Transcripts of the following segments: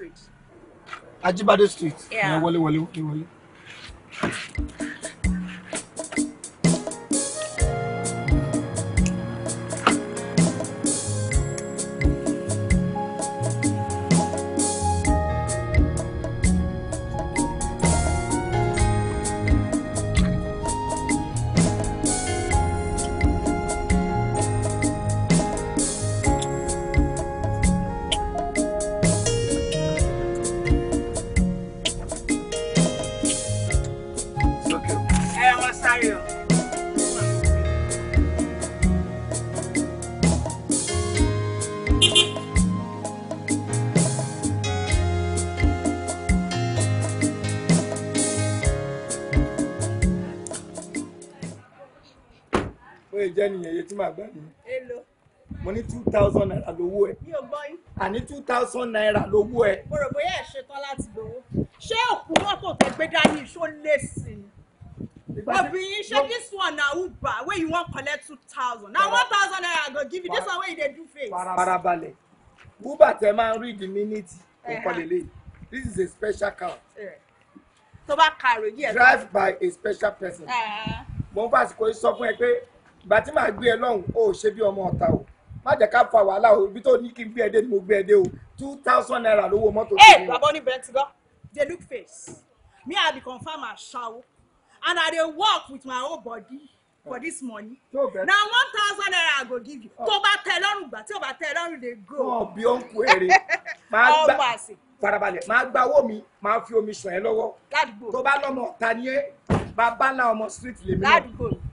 street. Ajibade street. Yeah. Wọlé wọlé wọlé iye tí màá gbà mí. mo ní two thousand naira lówó ẹ. mi ò two thousand naira lówó ẹ. mo rò bóyá ẹ ṣetán láti gbowó. ṣé òkú mọ́tò tó gbé dání ìṣó lè sí i. Obi, share this one na Uber wey you wan collect two thousand. Na one thousand naira I go give you. This one wey you dey do face. Farabalẹ̀, Uber tẹ máa ń read the minute ìkọlẹ̀lẹ̀. This is a special car. Tó bá kàrò yí ẹ̀. Drive by a special person. Mo ń fàsìkò sọ fún ẹ pé ìgbà tí màá gbé ẹ lọ́hùn ó ṣe bí ọmọ ọ̀tá o má jẹ́ ká fa wàhálà o ibi tó ní kí n gbé ẹ dé ni mo gbé ẹ dé o two thousand naira lówó mọ́tò. ẹ eh, bàbá oníbẹ̀ ti gbọ́ dey look face me i be confam asawo and i dey work with my whole body for this money na one thousand naira i go give you tó bá tẹ́ lọ́rùn gbà tí o bá tẹ́ lọ́rùn dey go. wọn bí ó ń kú èrè máa gbà farabalẹ̀ máa gba owó mi máa fi omi sàn ẹ́ lọ́wọ́ tó bá lọ́mọ ọ̀tá ni ẹ́ babalá ọmọ street lèmi náà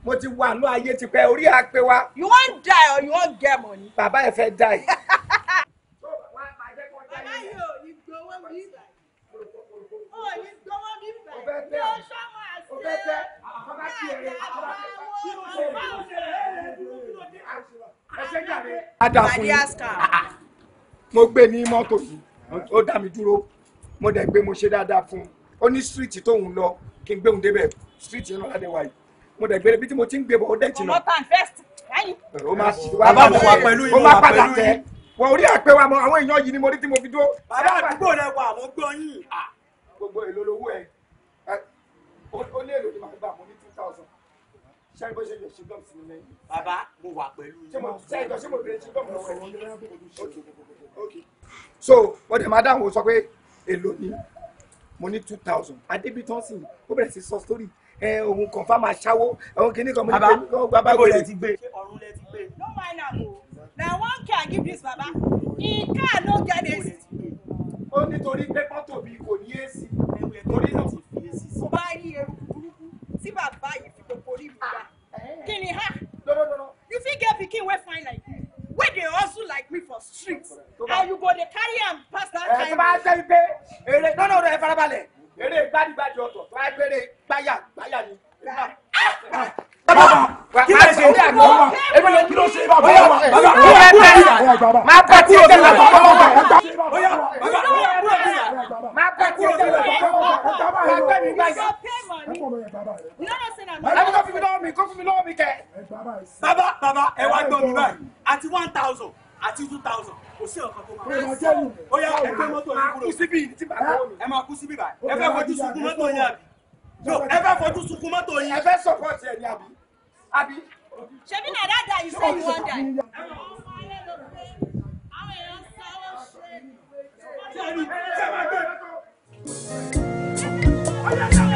mo ti wà ní ayé tipẹ́ orí àpè wa. you wan die or you wan get money. bàbá ẹ fẹ́ die. mo gbé ní mọ́tò yìí ó dá mi dúró mo dẹ̀ gbé mo ṣe dáadáa fún un ó ní street tóun lọ kí n gbé òun débẹ̀ street yẹn lọ́la dé wáyé mo dẹ̀ gbére bí tí mo ti ń gbé bọ̀ ó dẹ̀ jìnnà. ọmọ tan first lẹ́yìn. o máa ṣì pẹ̀lú yìí o máa padà tẹ wọ orí àpẹ wa mọ àwọn èèyàn yìí ni mo rí tí mo fi dúró. bàbá àdúgbò rẹ wà mo gbọ́ yín. gbogbo èlò lówó ẹ ó ní èlò ni màá gbà mo ní two thousand ṣé bó ṣe yọ ṣígbọ́n sí mi lẹ́yìn. bàbá mo wà pẹ̀lú yín. so wọ́n dẹ̀ máa dáhùn sọ pé èlò ni mo ní two thousand adébítọ́sìn ó bẹ̀rẹ̀ sí sọ story òun kàn fáwọn aṣáwó àwọn kìnnì kan mo ní pé bàbá wo lẹ lẹ ti gbé. ó nítorí pé mọ́tò mi kò ní ac torí náà kò fi ac sí. bá rí ewu burúkú tí bàbá yìí fi gbogbo orí mi wá kí ni ha you fit get pikin wey fine like you wey dey hustle like me for street and you go dey carry am pass that time. ẹ tó bá ṣe pé èrè lọ́nà ọ̀rọ̀ ẹ farabalẹ̀. máa bá tí o bí yà máa bá tí o bí yà máa bẹ́ mi gbà yà. Ẹni kó fi mi lọ́wọ́ mi kó fi mi lọ́wọ́ ẹ wá gbọ́ mi báyìí àti one thousand àti two thousand kò sí ọ̀kan tó máa ń bọ̀. Ó yá ẹ gbé mọ́tò yín kúrò. Ẹ máa kú síbí báyìí. Ẹ fẹ́ fojú sunkún mọ́tò yín àbí? Ẹ fẹ́ fojú sunkún mọ́tò yín. Ẹ fẹ́ sọ̀pọ̀tì ẹ̀ ní Àbí? ṣebí na that guy you say you wan die. Thank you.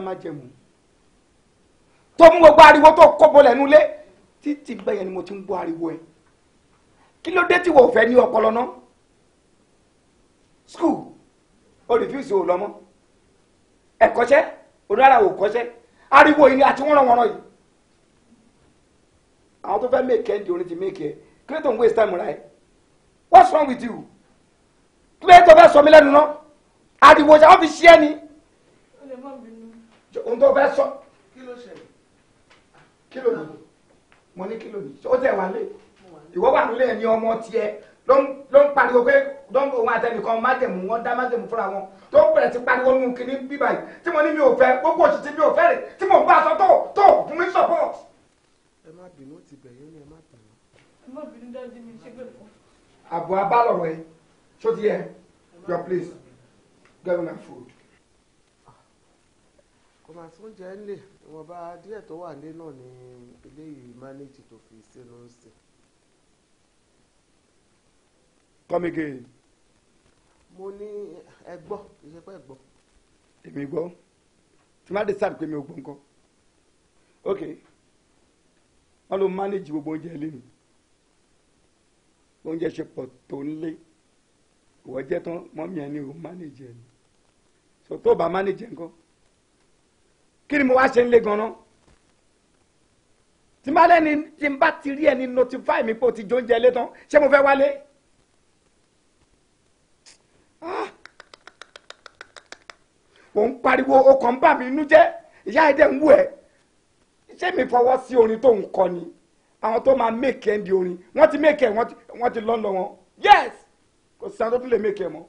dá májẹ̀mú tó mú gbogbo ariwo tó kó bọ́lẹ̀ nulẹ̀ títí bẹ́yẹn ni mo ti ń gbọ́ ariwo ẹ̀ kí ló dé tí wò fẹ́ ní ọpọlọ náà skul o refuse o lọ́mọ ẹ̀kọ́ṣẹ́ onára ò kọ́ṣẹ́ ariwo yìí àti wọ́n ràn yìí àwọn tó fẹ́ mèkẹ́ ń orin ti mèkẹ́ kí ló tó waste time ra ẹ̀ what's wrong with you kí ló tó fẹ́ sọ mí lẹ́nu ariwo ṣe wọ́n fi ṣí ẹni ohun tó fẹ́ sọ. kí ló ṣẹlẹ̀. kí ló ní mo ní kí ló ní ó tẹ̀ wá lé ìwọ wà nílé ẹni ọmọ tiẹ̀ ló ń pariwo pé dọ́ńgò òun àtẹnìkan májẹ̀mú wọn dá májẹ̀mú fúnra wọn tó ń bẹ̀rẹ̀ sí pariwo nù kíní bíbá yìí tí mo ní mi ò fẹ́ gbogbo òṣìṣẹ́ mi ò fẹ́ rẹ̀ tí mo bá aṣọ tó tó fún mi support. ẹ má bínú ti bẹ̀yẹ́ ẹ má bínú. ẹ má bínú dájú mi ṣé gbẹ̀rẹ̀ fún. àbọ̀ abálọ̀rọ̀ ẹ ṣó ti yẹ your place get food kò máa tún jẹ́ ńlẹ̀ ìwọ̀nba díẹ̀ tó wà nílé náà ni eléyìí mánéjì tó fi sínú sí. come again. mo ní ẹgbọ́ iṣẹ́ pẹ́ gbọ́. èmi gbọ́ tí má dé sáà pé mi ò gbọ́ nǹkan ok wọ́n ló mánéjì gbogbo oúnjẹ ilé mi oúnjẹ ṣe pọ̀ tó ń lé ìwọ́jẹ́ tán mọ́mí ẹni ò mánéjì ẹni so tó bá mánéjì ẹ̀ kí ni mo wá ṣe ń lé ganan tí má lẹ́ni tí n bá ti rí ẹni notify mi pé o ti jó oúnjẹ ilé tán ṣé mo fẹ́ wálé. ò ah! ń pariwo ọkàn ń bà inú jẹ́ ìyá ẹ̀dẹ̀ ń wù ẹ́ ṣé mi fọwọ́ sí orin tó ń kọ ni àwọn tó máa mèkè ń di orin wọ́n ti mèkè wọ́n ti lọ́nà wọn yes kò sí àwọn tó tún lè mèkè mọ́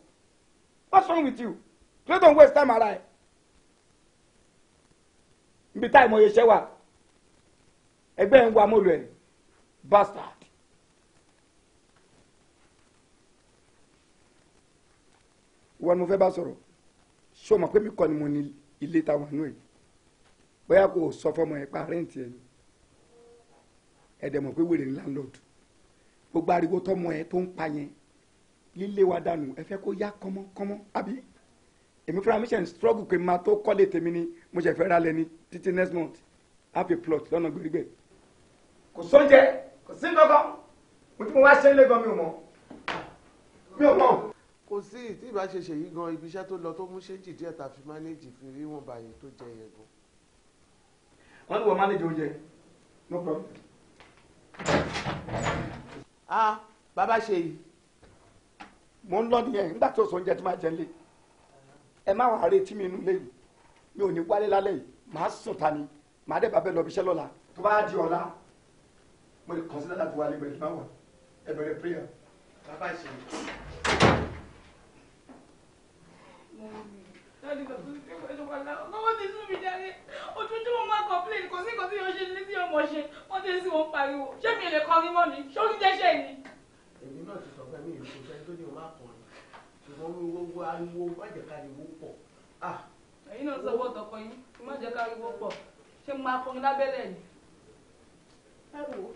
what's wrong with you? you don't waste time ara ẹ̀ níbi táì mọ iyeṣẹ́ wà ẹgbẹ́ ń wa mọ́lù ẹ̀ ní bastard. wọn mo fẹ́ bá sọ̀rọ̀ ṣé o mọ̀ pé mi kọ́ ni mo ní ilé táwọn àánú ẹ̀ bóyá kò sọ fọmọ ẹ̀ pa rẹ́ǹtì ẹ̀ ẹ̀dẹ̀ mọ̀ pé wèrè ní landlord gbogbo ariwo tọmọ ẹ̀ tó ń pa yẹn lílé wa dànù ẹ fẹ́ kó yá kọ́mọ́kọ́mọ́ àbí èmi fúnra mi ṣe ń struggle pé máa tó kọ́lé tèmi ni mo ṣe fẹ́ ra lẹ́ni títí next month happy plot lọ́nà gbèrígbè. kò sóúnjẹ kò sí nǹkan mo ti mo wá ṣe é lẹ́gàn mi ò mọ̀ mi ò mọ̀. kò sí tí ìbá ṣe ṣèyí gan ibi iṣẹ́ tó lọ tó mú ṣéǹjì díẹ̀ tá a fi mánéèjì fi rí wọn báyìí tó jẹ yẹn gan. wọ́n ní wọ́n mánéèjì oúnjẹ no problem. ah bàbá ṣe yìí. mo ń lọ nìyẹn nígbà tó sọ oúnjẹ tó máa jẹ lé ẹ má wàá retí mi inú lẹ́yìn mi ò ní wálé lálẹ́ yìí màá sùn ta ni màá dẹ̀ bá bẹ́ẹ̀ lọ ibiṣẹ́ lọ́la tó bá di ọ̀la mo lè kọ́nsílẹ̀ láti wà lẹ́gbẹ̀ẹ́ ìgbà wà ẹ bẹ̀rẹ̀ prayer. bàbá ìṣe. lọ́wọ́ ti sún mi jáde ojoojúmọ́ máa complain kò sí nǹkan tí yóò ṣe ní tí ọmọ ṣe wọ́n ti sí wọn pariwo ṣé mi lè kọrin mọ́ ni ṣé ó ti jẹ́ṣẹ́ ni. èmi náà ti sọ pé mi ò kò sẹ́ni tó ní o máa kọrin ṣùgbọ́n owó ariwo bàjẹ́ káriwo pọ̀ ah ẹ̀yin náà sọ wọ́ọ̀tọ̀ kọ yín kí má jẹ́ ká ariwo pọ̀ ṣé mo máa kọrin lábẹ́lẹ̀ ni. ẹ wò ó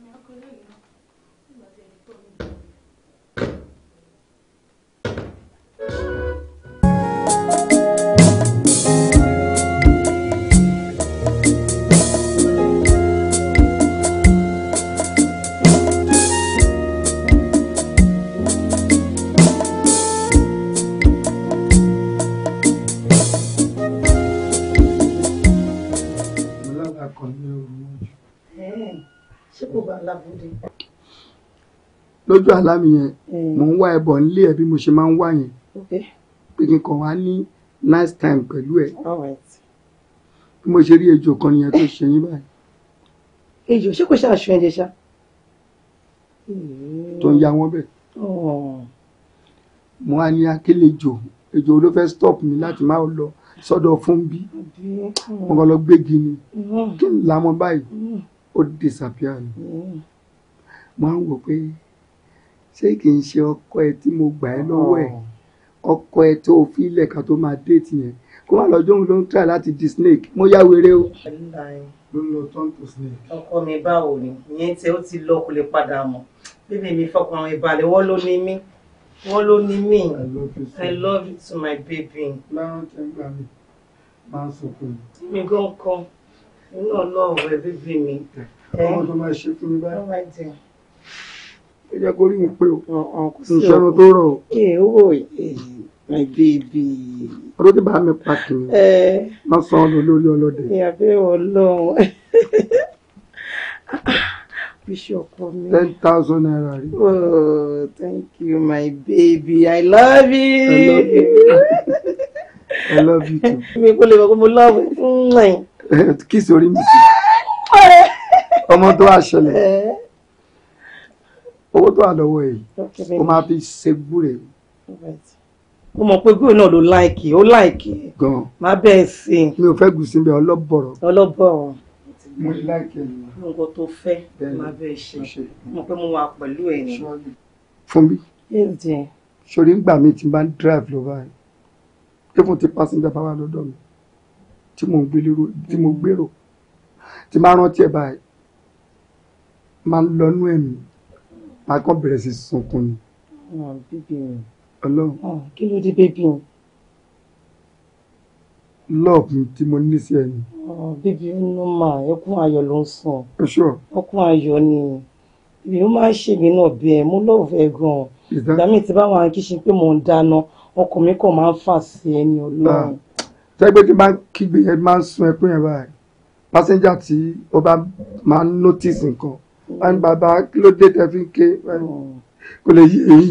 mi á kọ lẹ́yìn náà nígbà tí ẹni tó ń bọ̀. lójú àlá mi yẹn mm. mò ń wá ẹbọ nílé ẹ bí mo ṣe máa ń wá yẹn pé kí wá ní nice time pẹ̀lú ẹ bí mo ṣe rí ejò kan nìyẹn tó ṣe yín báyìí. ejò ṣé kò ṣàṣù ẹ̀jẹ̀ ṣá. tó ń ya wọn bẹ̀. Oh. mo á ní akélejò ejò ló fẹ́ stop mi láti má lọ sọ́dọ̀ fún bí mo kàn lọ gbégi ni mm-hmm. kí n lamọ báyìí mm. ó disappear ni mm. mo á ń wò pé ṣé kì í ṣe ọkọ ẹ tí mo gbà ẹ lọ́wọ́ ẹ oh. ọkọ ẹ tó fi ilẹ̀ kan tó máa déètì yẹn kó má lọ́jọ́ òun ló ń try láti di snake mo yá wéré o. ló ń lọ tán tó snake. ọkọ mi báwo ni ìyẹn tẹ ó ti lọ kó lè padà mọ bíbí mi fọkàn ìbàlẹ̀ wọ́n ló ní mí wọ́n ló ní mí i love you to my baby. láràn tẹ ń gbà mí máa ń sọkún mi. mi gan kan inú ọlọ́run rẹ bíbí mi. ọmọ tó máa ṣe fún mi báyìí. Oh, ẹ jẹ́ kó rí mi pé o ìṣẹ́nu tó rọ̀ o. owó eh, my baby. ọdún tí bàá mi pa kìí má san ọ́nà lórí ọlọ́dẹ. ìyàbẹ̀ ọlọ́run bíṣọ̀pù mi. ten thousand naira rí. oh thank you my baby i love you. I love you. I love you too. mi kò lè mọ̀ pé mo love you. kí sori mi sí ọmọ tó wà ṣẹlẹ̀. Eh owó tó wà lọ́wọ́ yìí ó máa fi ṣe gbúre. mo mọ̀ pé gbúre náà ló láìkì ó láìkì gan má bẹ́ẹ̀ sí i. mi ò fẹ́ gùn sí mi ọlọ́bọ̀rọ̀. ọlọ́bọ̀rọ̀ mo ní láìkì ẹ̀ nìyẹn. mo ń kọ́ tó fẹ́ má bẹ́ẹ̀ ṣe mo pé mo wà pẹ̀lú ẹ̀ ni. fún mi sori ń gbà mí tí n bá ń drive lọ báyìí even tí passenger bá wà lọ́dọ̀ mi tí mo mm. gbèrò tí máa rántí ẹ̀ báyìí máa ń lọ́nú ẹ̀mí a kàn bẹ̀rẹ̀ sí sunkún ni. ọlọ́run kí ló dé bébí o. lọ́ọ̀bù tí mo ní sí ẹni. bébí ó ló mà ẹkún ayọ̀ ló ń sàn. ọkún ayọ̀ ni èmi ó máa ń ṣègbè náà bí ẹ mo lọ́ọ̀bù ẹ gan-an ìgbà míì tí báwọn akíṣin pé mò ń dáná ọkọ mi kàn máa ń fà sí ẹni ọlọ́run. tẹ́gbẹ́ ah. tí bá ń kígbe yẹn máa ń sun ẹkún yẹn báyìí pásẹ́njà tí ó bá máa ń notice nǹkan àni bàbá kí ló dé tẹ́ fi ń ké hmm. kò lè yé èyí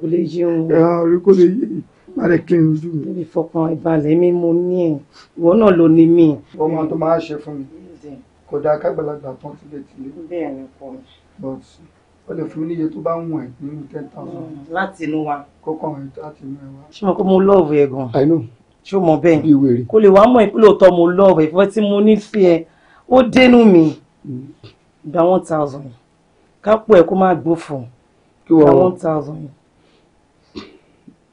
kò lè yé òun ọ̀rí kò lè yé èyí má lè kí n ojú mi. níbi fọkàn ìbalẹ̀ mi mo ní ẹ̀ ìwọ náà ló ní mi. ọmọ tó máa ṣe fún mi kò dáa kágbàlagbà tán tilẹ̀ tilẹ̀. bẹ́ẹ̀ ni pọ̀ but o lè fún mi níye tó bá ń wọ̀n ẹ̀ nínú ten thousand. Hmm, láti inú wa. kókó àwọn ètò láti inú ẹ wá. ṣé mo kó mo lọ́ọ̀bù ẹ̀ gan. i know. ṣé o mọ bẹ́ẹ̀. bí wèrè. kò lè wá mọ̀ ẹ́ pé lóòótọ́ mo lọ́ọ̀bù ẹ̀ fọ́ tí mo nífẹ̀ẹ́ ó dénú mi. Hmm gba one thousand kápò ẹ kó má gbófò gba one thousand.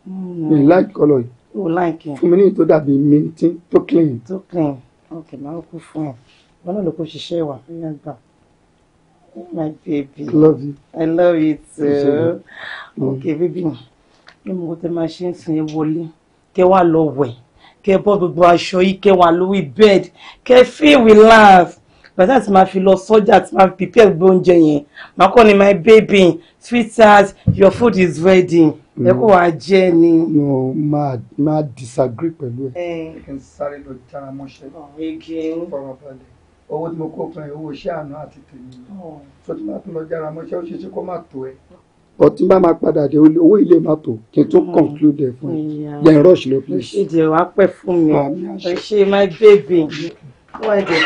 Hmm. mi like kọlọ yìí o like ẹ fún mi ní tó dàbí mintin tó clean. tó clean ok máa kú fún ẹ wọn náà ló kó ṣiṣẹ́ wà ẹ gbà. Oh my baby. Love you. I love you too. Mm. Okay, baby. Ní mo tẹ máa ṣe ń sin wọlé, kẹ wá lọ wẹ̀, kẹ bọ́ gbogbo aṣọ yìí, kẹ wà lórí bed, kẹ feel relax. But that's my fi lọ my people, máa fi prepare gbé my baby sweetheart your food is ready ẹ kó wàá jẹ no máa máa disagree pẹ̀lú ẹ. ẹ eh. kì í sáré lọ jára mọ́ṣẹ́. ege oh, fọwọ́balẹ̀ owó tí mo kó fún ẹ owó iṣẹ́ àná àti tèmi tó oh. tí máa tún lọ jára mọ́ṣẹ́ ó ṣe ṣe kó má tó ẹ ọtí bá máa padà mm. conclude the point? Yeah, rush lọ please. ìdè wàá pẹ́ fún mi ẹ my baby. Why did? baby!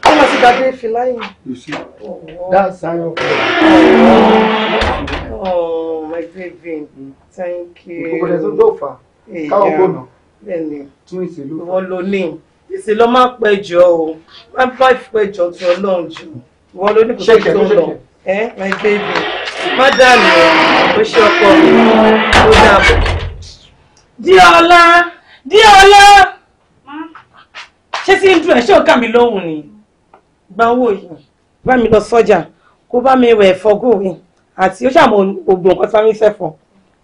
How much that day flying? You see? Oh, that's sign of oh. oh, my baby. Thank you. Kò kọ̀dẹ̀ tó dọ̀fà. Káwọ̀ gbọ́nà. Bẹ́ẹ̀ni. Tún ìṣèlú. Ìwọ ló ní. Ìṣèlú máa pẹ́ jọ o. Máa bá ìfipẹ́ jọ tí Ọlọ́run jù. Ìwọ ló ní kò tó tó lọ. Ẹ my baby. my darling, ẹ̀. Ó ṣe ọkọ mi. Diola. dàbọ̀. Díọ̀lá! ṣé tí ń dùn ẹ́ ṣé ọ̀gá mi lóhùn ni gba owó yìí bá mi lọ sọ́jà kó bá mi wẹ̀ ẹ̀fọ́ gòwé àti ó ṣàmọ̀ ògùn nǹkan tá mi fẹ́fọ̀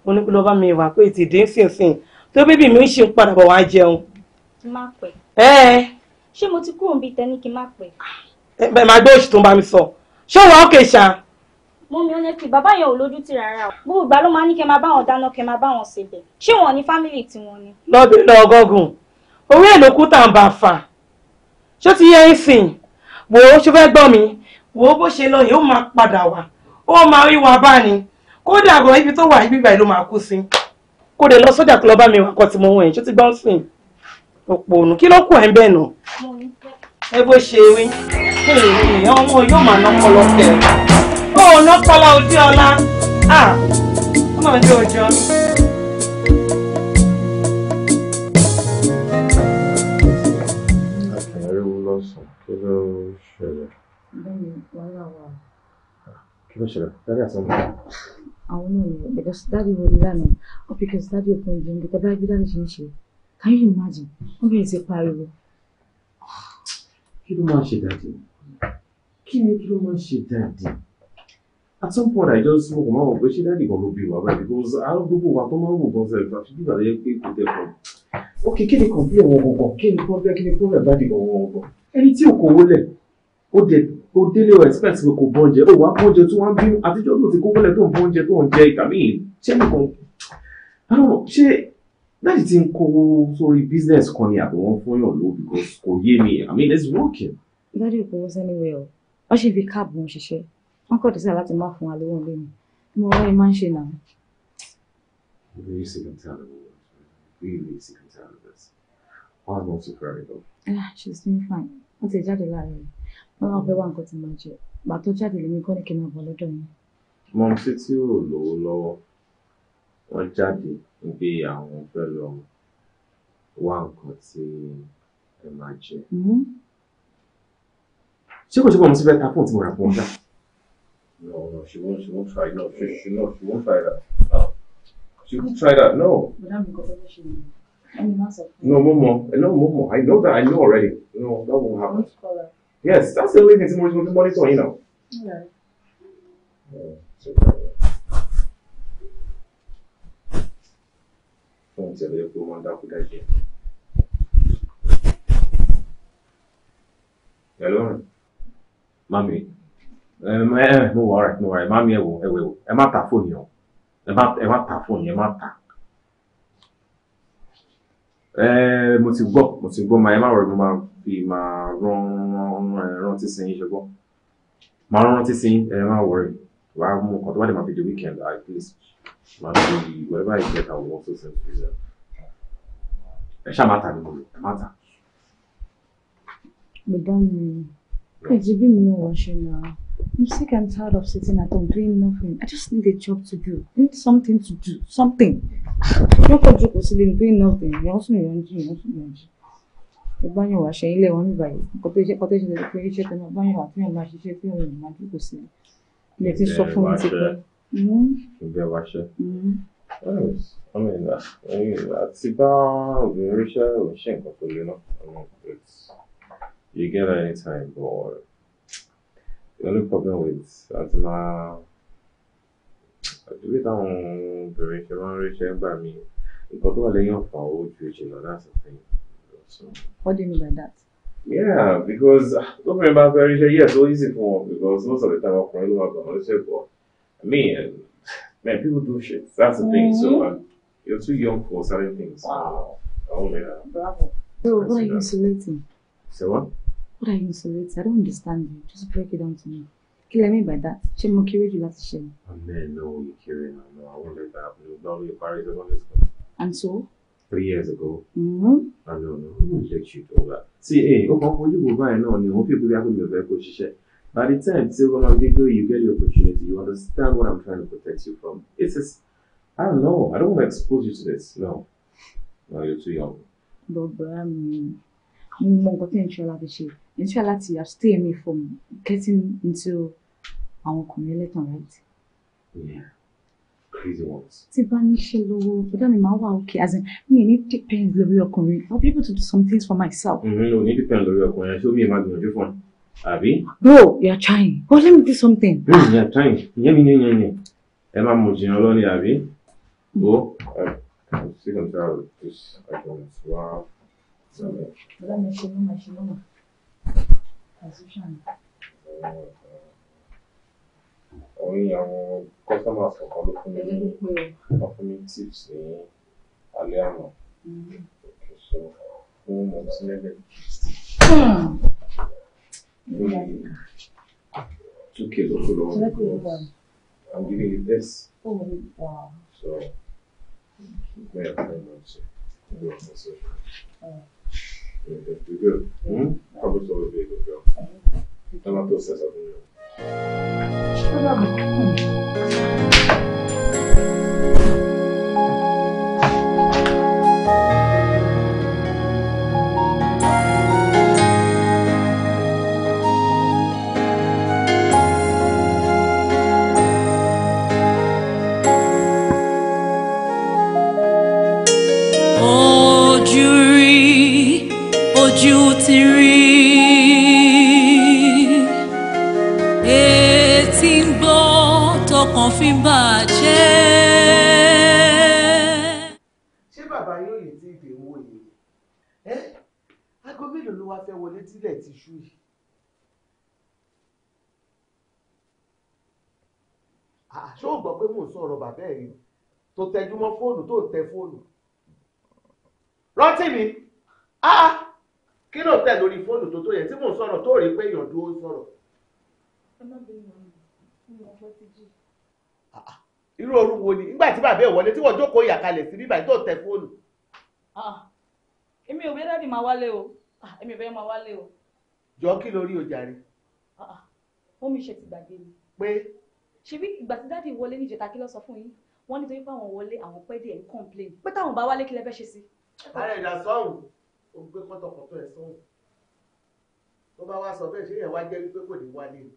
mo ní kó lọ bá mi wà pé ètò ìdí ń sìn sìn tó bébì mi ń ṣe ń padà bọ̀ wá jẹun. má pẹ́. ẹ ẹ. ṣé mo ti kúrò níbi tẹ́ni kí n má pẹ́. ẹ máa gbé òṣì tó ń bá mi sọ ṣé wàá òkè ṣá. mo mi ọ́nẹ́tì bàbá yẹn ò lójú tì rárá o gbogbo ìgbà ló máa ní kẹ́ máa bá wọn dáná kẹ́ máa bá wọn ṣe bẹ̀ ṣé wọn ní fámìlì tiwọn ni. lọ́bẹ̀ lọ owó èlò ń bá a fà ṣó ti yẹ ìsìn wò ó ṣó fẹ́ gbọ́ mi wò ó bó ṣe lọ yìí ó máa padà wá ó máa rí wa bá ni kódà gan ibi tó wà ibi ìgbà ló máa kú sí kó lè lọ sójà kó lọ bá mi wà kọ́ ti mọ ohun ẹ̀ ṣó ti gbọ́ ń sìn òpònú kí ló kù ẹ̀ ń bẹ̀ nù ẹ bó ṣe wí èèyàn ọmọ yóò máa ná pọlọpẹ ó ná pọlọ ojú ọlá ó máa ọjọ́. kí ló ṣẹlẹ̀ dárí àti ọmọ. àwọn náà nìyẹn because dárí wo lánàá wọn fi kẹsì dárí òkun ìjẹun kí tẹbá gbé dárí ṣe ń ṣe can you imagine wọn bẹ̀rẹ̀ sí pariwo. kí ló máa ń ṣe dáàdì at some point i just mo kò máa wọ pé ṣé dáàdì kan ló bí because àwọn gbogbo wa tó máa ń wò gan sẹ́yìn fàfi bí ìbàdàn yẹn pé kò tẹ̀ pọ̀ ok kí ni kàn bí ẹ̀wọ̀n gbọ̀ngàn kí ni kàn bí ẹ̀kí ni kó rẹ̀ bá dì gbọ̀ngàn gbọ̀ngàn ó dé ó délé o expect pé kò bọ́ oúnjẹ ó wàá bọ́ oúnjẹ tó wọ́n bínú àtijọ́ tó ti kó wọlé tó ń bọ́ oúnjẹ tó ń jẹ ìgbà míì ṣé nìkan I don't know ṣé láti ti ń kówó sórí business kan ni àbí wọ́n fún yàn lówó because kò yé mi I mean it's working. dájú kò wọ́n sẹ́ni wẹ̀ ọ́ wọ́n ṣe fi káàbù wọn ṣiṣẹ́ wọ́n kọ̀ tó sí àláti má fún wa lówó ilé mi bí mo wáyé máa ń ṣe nà. Really sick and tired of it. of this. How's Mom's Ferrari though? she's doing fine. What's the jáde láàárín? wọn máa fẹ́ wá nǹkan tí máa jẹ gbà tó jáde lèmi kọ́ ni kí n máa bọ̀ lọ́dọ̀ yín. mọ̀mí sí tí ò lówó lọ́wọ́ wọ́n jáde níbi àwọn fẹ́ lọ wá nǹkan tí ẹ máa jẹ. Mm-hmm. ṣé kò ṣe pọ̀ mo ti fẹ́ ta fóònù tí mo rà fún ọjà. No, no, she won't. She won't try. No, she, she, no, she won't try that. No. She won't try that. No. No, Momo. No, Momo. I know that. I know already. No, that won't happen. Yes, that's the only thing tí mo money monitor you know. Yeah. tí ẹ lóye pé ó máa ń dákú dájú. Hello? Mami, um, eh, mo wà no, mo no, ọ̀rẹ́, mami ẹ wò, ẹ wò, ẹ má ta fóònù yẹn o, ẹ má ta fóònù yẹn, ẹ má ta. Eh, mo ti gbọ́ mo ti gbọ́ máa ẹ má rọ̀ mo máa fi máa rán rántí sí yín ṣùgbọ́n máa rántí sí yín ẹ má wọ̀rẹ̀ wà á mú nǹkan tó bá dé máa fi di weekend at least máa fi whatever I get I will also send to you. ẹ ṣáà má ta ni mo lò ẹ má ta. mo dá mi ẹ ti bí mi náà wá ṣe máa. I'm sick and tired of sitting at home doing nothing. I just need a job to do. I need something to do. Something. Don't come joke sitting doing nothing. You're also your own you're also your own ẹ̀gbọ́n yẹn wàá ṣẹyìn lẹwọn ní báyìí nǹkan tó iṣẹ́ kan tó ṣe lè pé iṣẹ́ tó náà báyìí wàá fún yàn máa ṣiṣẹ́ fún yàn máa dúró sí a lè ti sọ fún mi ti pẹ́. ìgbẹ́ wàá ṣe. ọmọ ìlà àti bá obìnrin ríṣẹ́ òṣìṣẹ́ nǹkan tó lé náà you get anytime but. The only problem with àti máa àdúgbò táwọn obìnrin ṣe máa ń ríṣẹ́ gbà mí nǹkan tó wà lẹ́yìn ọ̀fà ó ju ìṣìnà that's the thing. So, What do you mean by that? Yeah, because lóbìnrin bá fẹ́ ríṣẹ́ yes ó easy for wọn because most of the time ọkùnrin ló máa gbà wọ́n ríṣẹ́ bọ̀ I mean man people do shit that's the thing so mm-hmm. uh, you're too young for certain things. Wow. Oh, yeah. Bravo. So, why are you insulating? Say what? What are you insinuating? I don't understand you. Just break it down to me. Kí lẹ mean by that? Ṣé mo kéré jù láti ṣe? Àmín no, you kéré na no, I won't let that happen. It was not really Paris, I won't let it go. And so? Three years ago. Mm-hmm. I know, no, I won't let you do that. See, eh, o kàn fojú wo báyìí náà ni òun fi to akóbi ọ̀fẹ́ kó ṣiṣẹ́. By the time tí when bá máa gbégbé you get the opportunity, you understand what I'm trying to protect you from. It's just, I don't know, I don't want to expose you to this, no. No, you're too young. But um, mo mọ nǹkan tí n ṣe láti insha Allah you are still aiming from getting into our community. right. Yeah. Crazy ones. Tí bá ní ṣe lówó, bọ́dá mi máa wà òkè as in me mi ní depend lórí community. I'll be able to do some things for myself. Ǹjẹ́ mm-hmm, o ní depend lórí ọkùnrin ẹ̀ ṣé community. Show me, imagine, fún ẹ? Àbí? Bro, you are trying. But let me do something. Mm, you are trying. Ìyẹn mi yẹn yẹn ẹ máa mú jìnnà lọ́ni àbí? Wo mm. oh, I'm still on trial with this. I don't know. Wow. Bọ́dá mi ṣe lọ́mọ ṣe lọ́mọ orin àwọn customers kọ̀ọ̀kan ló fún mi wọ́n fún mi tips ní alẹ́ àná mm-hmm. so fún mo sí lẹ́gbẹ̀ẹ́ lórí two k ló kó lọ́wọ́ I'm giving you this oh, so bẹ́ẹ̀ fún mi ṣe ìgbẹ́ ọ̀sẹ̀. You're good. Mm-hmm. Probably so would be a good girl. And wọ́n fi ń bàjẹ́. ṣé bàbá yóò yìí tí ìdè owó yìí ẹ aago mélòó ló wá fẹ́ wọlé tílẹ̀ ti ṣú yìí. ṣé o gbọ́ pé mò ń sọ̀rọ̀ bàbá ẹ̀ yìí tó tẹjú mọ́ fóònù tó tẹ fóònù rántí mi kí ló tẹ̀ lórí fóònù tó tó yẹ tí mò ń sọ̀rọ̀ tó rí pé èèyàn dúró ń sọ̀rọ̀. ọmọbìnrin mi ò mọ̀ ọ́ ti jí irú ooru wo ni nígbà tí bàbá ẹ̀ wọlé tí wọ́n jókòó ìyàkalẹ̀ sí bíbá tó tẹ fóònù. èmi ò bẹ́ dáàdì máa wálé o èmi ò bẹ́ máa wálé o. jọ kí lórí o jàre. wọ́n mi ṣe ti gbàgbé mi. pé. ṣebí ìgbà tí dáàdì wọlé ní ìjẹta kí ló sọ fún yín wọ́n ní torí fáwọn wọlé àwọn pẹ́ díẹ̀ ń kọ́ńplẹ̀n pé táwọn bá wálé kí lẹ fẹ́ ṣe sí. ara ìdá sọ́hùn ó gbé kọ́tọ̀kọ́tọ̀ ẹ̀ sọ́hùn tó bá wá sọ bẹ́ẹ̀ ṣé yẹn wá jẹ́ wípé kò ní wálé ni.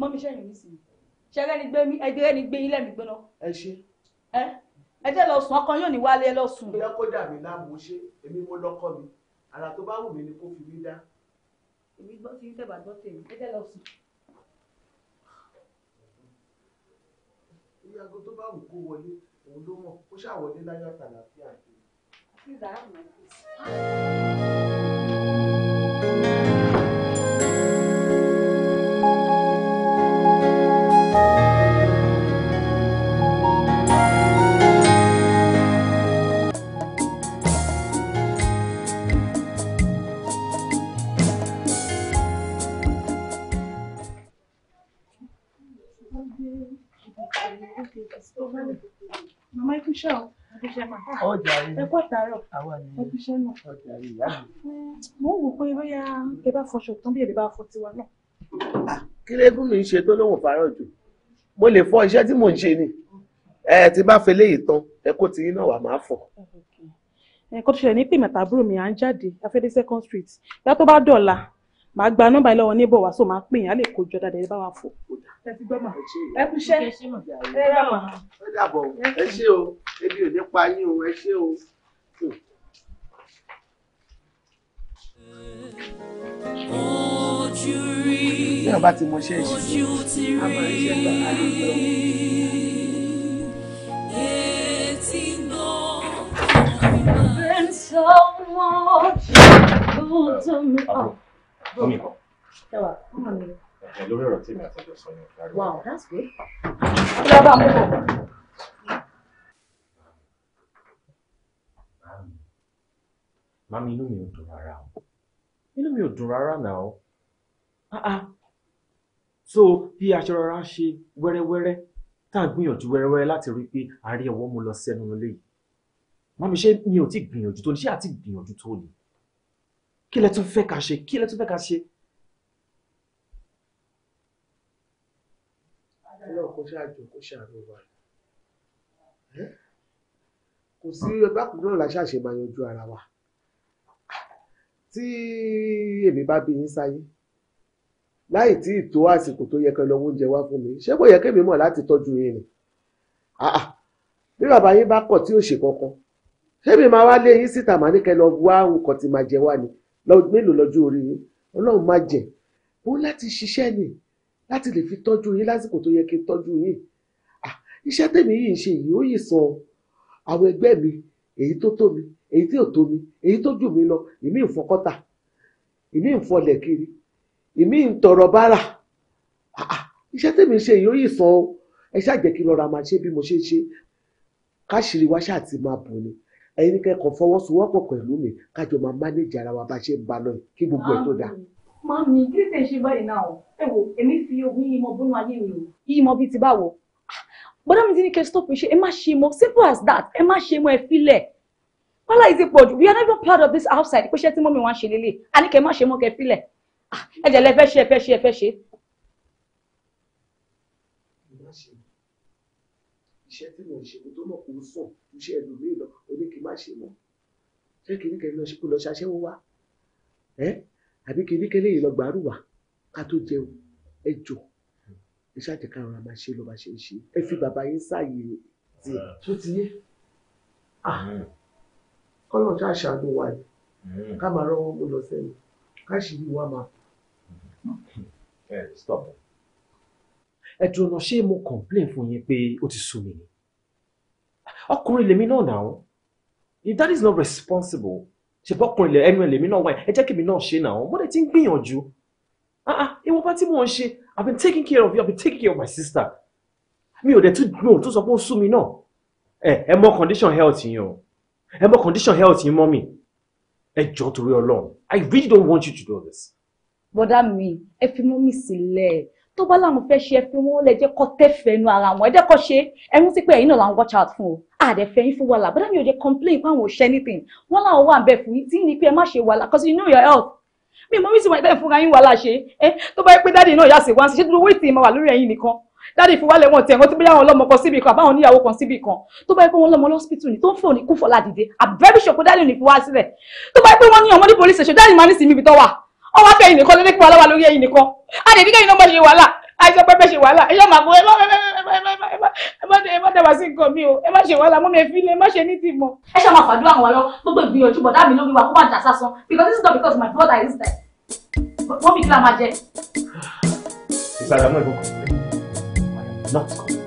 mọ́mí ṣẹ́yìn nísìnyí ṣẹlẹ ni gbé mi ẹgbẹrẹ ni gbé yín lẹmí gbóná. ẹ ṣe. ẹ ẹ jẹ́ lọ sùn ọkàn yóò ní wálé ẹ lọ sùn. bóyá kó dà mí láàmú ṣé èmi mo lọ́kọ mi ara tó bá wù mí ni kó fi mí dá. èmi gbọ́ tí tẹ̀bà gbọ́ tèmi ẹ jẹ́ lọ sùn. ìyàgò tó bá wù kó wọlé òun ló mọ̀ kó ṣàwọlé láyọ̀ àtàlàfíà. àti ìdàrà mọ̀ Màmá ikú ṣe o. Ọjà rí. Ẹ kú àtàárọ̀. Àwa ni. Ẹ kú iṣẹ́ náà. Ọjà rí ìyá mi. Mo ń wò pé bóyá ẹ bá fọṣọ tán bí èdè bá fọ tiwa náà. Ah, Kírégún mi ń ṣe tó lóhùn fàárọ̀ jù. Mo lè fọ iṣẹ́ tí mò ń ṣe ni. Ẹ ti bá fẹ́ léyìí tán, ẹ kó ti yín náà wà máa fọ nǹkan tó ṣẹlẹ̀ ní pèmí àtàbúrò mi à ń jáde afẹ́dé second street ìyá tó bá dọ̀la màá gba nọ́mbà yìí lọ́wọ́ níbọ̀ wá so màá pè yín á lè kójọ dáadáa ẹ bá wa fò. ẹ kú iṣẹ́ ẹ rà mà. ẹ dàbọ̀ ẹ ṣé o ebi ò ní pa yín o ẹ ṣé o. bí ọba ti mọ iṣẹ́ ìṣirò a máa ń ṣe gba àlejò. Been so much Domingo. Ẹwà, Wow, that's good. Ọlá bá mú bọ̀. Mami inú mi ò dùn rárá o. Inú mi ò dùn rárá náà o. So bí aṣọ rárá ṣe wẹ́rẹ́wẹ́rẹ́ tá a gbìyànjú wẹ́rẹ́wẹ́rẹ́ láti rí i pé a rí ọwọ́ mu lọ sẹ́nu lé yìí. Mami ṣé mi ò tí gbìyànjú tó ní ṣé àti gbìyànjú tó ní? kí lẹ tún fẹ́ fait cacher? kí lẹ tún fẹ́ ká ṣe. ọlọ́run kò ṣáàjò kò ṣàánú wa kò sí bákan náà la ṣàṣe máa yanjú ara wa tí èmi bá bí yín sáyé láì tí ì tó àsìkò tó yẹ kẹ́ lọ oúnjẹ wá fún mi ṣé kò yẹ kí èmi mọ̀ láti tọ́jú yín ni bí bàbá yín bá kọ̀ tí ò ṣe kankan ṣé mi máa wá lé yín síta màá ní kẹ́ lọ wá nǹkan tí máa jẹ wá ni mélòó lọ́jọ́ orí yín ọlọ́run má jẹ́ òun láti ṣiṣẹ́ ni láti lè fi tọ́jú yín lásìkò tó yẹ kí n tọ́jú yín iṣẹ́ tèmi yìí ń ṣe yìí ó yìí san àwọn ẹgbẹ́ mi èyí tó tó mi èyí tí ò tó mi èyí tó jù mí lọ ìmí ìfọkọ́tà ìmí ìfọlẹ̀ kiri ìmí ìtọ̀rọ̀ bára iṣẹ́ tèmi ṣe yìí ó yìí san ẹ ṣáà jẹ́ kí n lọ́ra máa ṣe bí mo ṣe ṣe káṣírí ti máa bù ni ẹ̀yin ní kẹ́kọ̀ọ́ fọwọ́sowọ́pọ̀ pẹ̀lú mi kájọ máa mánéjì ara wa bá ṣe ń ba lọ kí gbogbo ẹ̀ tó dáa. mami kí ló ṣe ń ṣe báyìí náà ẹ wo èmi fi ogún yìí mọ bónú ayé mi o. yìí mọ bíi ti báwo bọ́dá mi ti ní kẹ́ stop ṣe ẹ má ṣe mọ́ simple as that ẹ má ṣe mọ́ ẹ filẹ̀ wàhálà yìí ti pọ̀ jù we are not even proud of this outside pé ṣé tí mọ́mi wá ń ṣe lélẹ̀ àní kẹ́ má ṣe mọ́ kẹ́ filẹ̀ ah, ẹ jẹ́ lẹ fẹ́ ṣe ẹ fẹ́ ṣe ẹ fẹ́ ṣe iṣẹ́ tí mò ń ṣe mo tó mọ̀ kó sùn ju iṣẹ́ ẹlòmíì lọ oní kí n má ṣe mọ́ ṣé kìíní kẹrin lọ kó lọ ṣaṣẹ́wó wá ẹ àbí kìíní kẹrin yìí lọ gbàrú wá ká tó jẹun ẹ jọ ẹ ṣáàjẹ káwọn máa ṣe lọ bá ṣe ń ṣe ẹ fi bàbá yín sáàyè tiẹ̀ tó ti yé ah, kọ́lọ́n ṣáà ṣàánú wa ni ká máa rọ́wọ́ mú lọ sẹ́yìn ká ṣì yí wa máa. stop ẹ dúró náà ṣé mo complain fún yín pé ó ti sú mi ni ọkùnrin lèmi náà náà if that is not responsible ṣe bọ́kùnrin ẹnu ẹ̀ lèmi náà wáyé ẹ jẹ́ kí mi náà ṣe náà mo dẹ̀ ti ń gbìyànjú ah ah ìwọ̀nba tí mò ń ṣe I've been taking care of you I've been taking care of my sister mi ò dẹ̀ tún mi ò tún sọ pé ó sú mi náà ẹ ẹ mọ condition health yín o ẹ mọ condition health yín mọ́ mi ẹ jọ torí Ọlọ́run I really don't want you to do this. bọ́dá mi ẹ fi mọ́ mi sílẹ̀ tó bá làwọn fẹ́ ṣe ẹfin wọn lẹ jẹ́ kọ́ tẹ̀fẹ́ nu ara wọn ẹ jẹ́ kọ́ ṣe ẹnu sí pé ẹ̀yin náà làwọn watch out fún o àdẹ̀fẹ́ yín fún wàhálà bọ́dá mi ò jẹ́ complain pé àwọn ò ṣe anything wọ́n làwọn wà bẹ́ẹ̀ fún yín tí ní pé ẹ má ṣe wàhálà cause you know your health mi mọ wíṣí wọn ìtẹ́lẹ̀ fúnra yín wàhálà ṣe ẹ tó bá yẹ pé dáàdì náà yà sí wá sí ṣé dúró wíìtì máa wà lórí ẹ̀yin nìkan dáàdì fi wálé wọn tẹ̀ wọ́n tó bá yà wọn lọ́mọ kan síbi kan àbáwọn oníyàwó kan síbi kan tó bá yẹ pé wọn lọ́mọ lọ́sípítù ni tó ń fò ní kúfọ̀lá dìde àbẹ́rẹ́ ṣòkó dáàdì ní fi wá sílẹ̀ tó bá yẹ pé wọ́n ní ọmọdé police ṣe dáàdì máa ní sinmi ibi tó wà ọwọ́ afẹ́ yìí nìkan lórí pọ̀ aláwa lórí ẹ̀yìn nìkan àdèdíkẹ́ yìí ló mọ̀ ṣe wàhálà àìsàn pẹ́pẹ́ ṣe wàhálà ẹ̀yọ́ màá fún ẹ má ẹ má dàbà sí nǹkan mi o ẹ má ṣe wàhálà mú mi fi lé má ṣe ní tì mọ́. ẹ ṣe máa fàdúrà wọn lọ gbogbo ìgbìyànjú bọ̀dá mi lórí wa kó má jà sásán because this is not because my brother is dead wọ́n fi kí la máa jẹ. ìsàlámù ẹ̀kọ́ kan not come.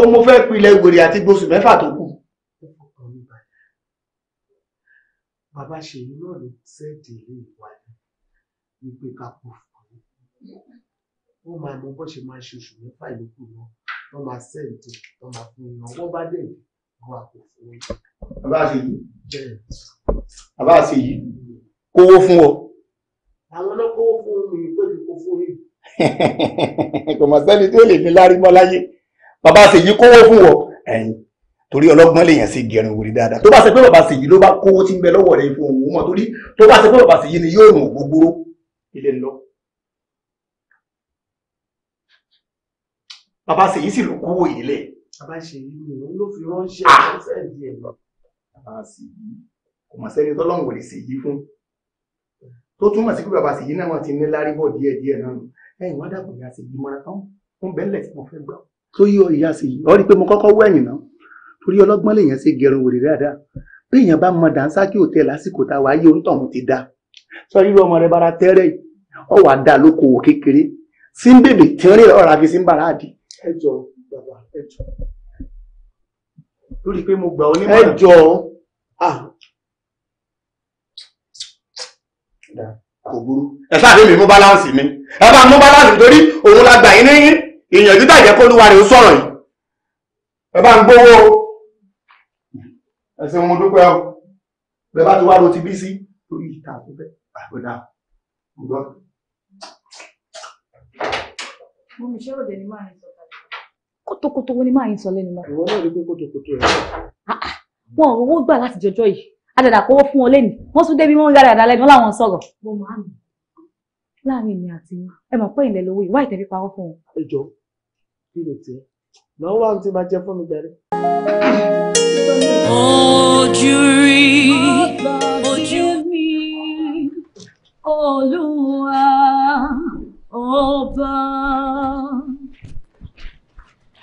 òun mo fẹ́ pilẹ̀ wèrè àti gbóṣù mẹ́fà tó kù. bàbá ṣèyí náà ló sẹ́ẹ̀dì ilé ìwà ní pé ká kú fún un ó máa mọ bó ṣe máa ṣe oṣù mẹ́fà ìlókù náà wọ́n máa sẹ́ẹ̀dì wọ́n máa fún un wọ́n bá dẹ̀ wọ́n á kó fún un. bàbá ṣèyí bàbá ṣèyí kówó fún ọ. àwọn náà kówó fún mi pé kí kó fún yìí. kò mọ̀ sẹ́ni tí ó lè ní lárí mọ́ láyé bàbá Ṣèyí kówó fún wọ ẹ̀yìn torí ọlọ́gbọ́n lèèyàn sì di ẹnu wòlé dáadáa tó bá ṣe pé bàbá Ṣèyí ló bá kówó tí ń bẹ lọ́wọ́ rẹ̀ fún òun mọ̀ torí tó bá ṣe pé bàbá Ṣèyí ni yóò rùn gbogbo ilé lọ. bàbá Ṣèyí sì ló kówó yìí lẹ̀. bàbá Ṣèyí ni òun ló fi ránṣẹ́ ah! ránṣẹ́ díẹ̀ lọ. bàbá Ṣèyí kò mọ̀ sẹ́ni tọ́lọ́run wòlé Ṣèyí fún tó túmọ̀ sí pé bàbá Ṣèyí náà ti ní lárí bọ̀ díẹ̀díẹ̀ náà ẹ̀yìn wá dàgbò ní àṣèyí mọ́ra tán fún bẹ́ẹ̀lẹ̀ tí tó yí ọ̀yà sí yìí ọ rí i pé mo kọ́kọ́ wọ ẹ̀yìn náà torí ọlọ́gbọ́n lèèyàn ṣe gẹrun wèrè dáadáa bí èèyàn bá mọ dànsákì òtẹ́ lásìkò tá a wáyé onítọ̀hún ti da sọ irú ọmọ rẹ bára tẹ́rẹ̀ yìí ọ wà dá lókòwò kékeré sí ń bèbè tí ń rí ọ̀rọ̀ àfi sí ń bàrà àdì. ẹ jọ bàbá ẹ jọ lórí pé mo gbà ọ nímọ̀ràn. ẹ jọ kò burú ẹ sáà fi mi mú báláǹsì mi ẹ bá mú báláǹsì torí òun la gbà yín níyín ìyànjú tàjẹ́ kó lúwa rẹ̀ ó sọ̀rọ̀ yìí ẹ bá ń gbówó ẹ ṣeun mo dúpẹ́ o bẹ́ẹ̀ bá ti wá ro ti bí sí lórí ìta tó bẹ́ẹ̀ àgbẹ̀dá mo gbọ́. mo mi ṣé òde ni máa ń sọ kótókótó wo ni máa ń sọ lẹ́nu mọ́. ìwọ náà rí pé kótókótó rẹ. Ah, ah. wọn ò rówó gbà láti jọjọ yìí adàdà kówó fún wọn lẹ́nu wọ́n tún débi wọ́n ń yára láwọn sọ̀rọ̀. mo máa ń láàrin mi àti ẹ mọ̀ pé ìlẹ̀ lówó ìwá ìtẹ̀fipá wọn fún wọn. ẹ jọ̀ọ́ kí ló tiẹ̀ náà wà tí máa jẹ fún mi gbẹrẹ. ojú rí ojú mi olúwa ọba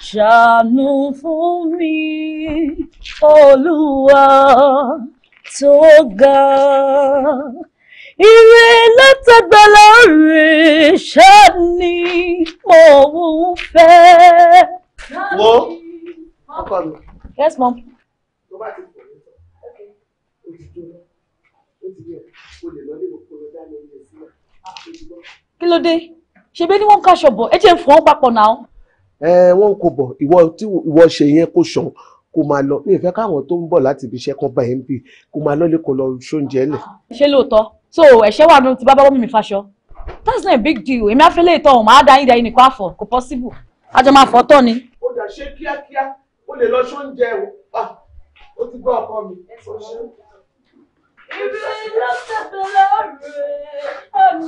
ṣàánú fún mi olúwa tó ga ire látàgbàlá rẹ̀ ṣáàní mo ń fẹ́. wo ọkọ mi. yes mom. tó bá ti pọ̀ nípa ó ti kí ló dé ṣebí ni wọ́n ń kaṣọ bọ̀ ẹ jẹ́ ń fọ wọn papọ̀ náà. ẹ wọn kò bọ ìwọ tí ìwọ ṣe yẹn kò sàn kó máa lọ ní ìfẹ́ káwọn tó ń bọ̀ láti ibi iṣẹ́ kan bá ẹ ń bì kó máa lọ lè kó lọ sóúnjẹ lẹ. ṣé lóòótọ́ so ẹ̀ṣẹ̀ wà nù tí bàbá wọ́n mi faṣọ that's not a big deal èmi àfẹ́lẹ́ ìtọ̀ ọ̀hún máa dáyìn dáyìn nìkan àfọ̀ kò possible àjọ máa fọ́ tọ́ ni. ó dà ṣe kíákíá ó lè lọ ṣóúnjẹ o ó ti gbọ́ ọkọ mi ó ṣe é. Ibi ló tẹ̀lé rẹ̀ ẹni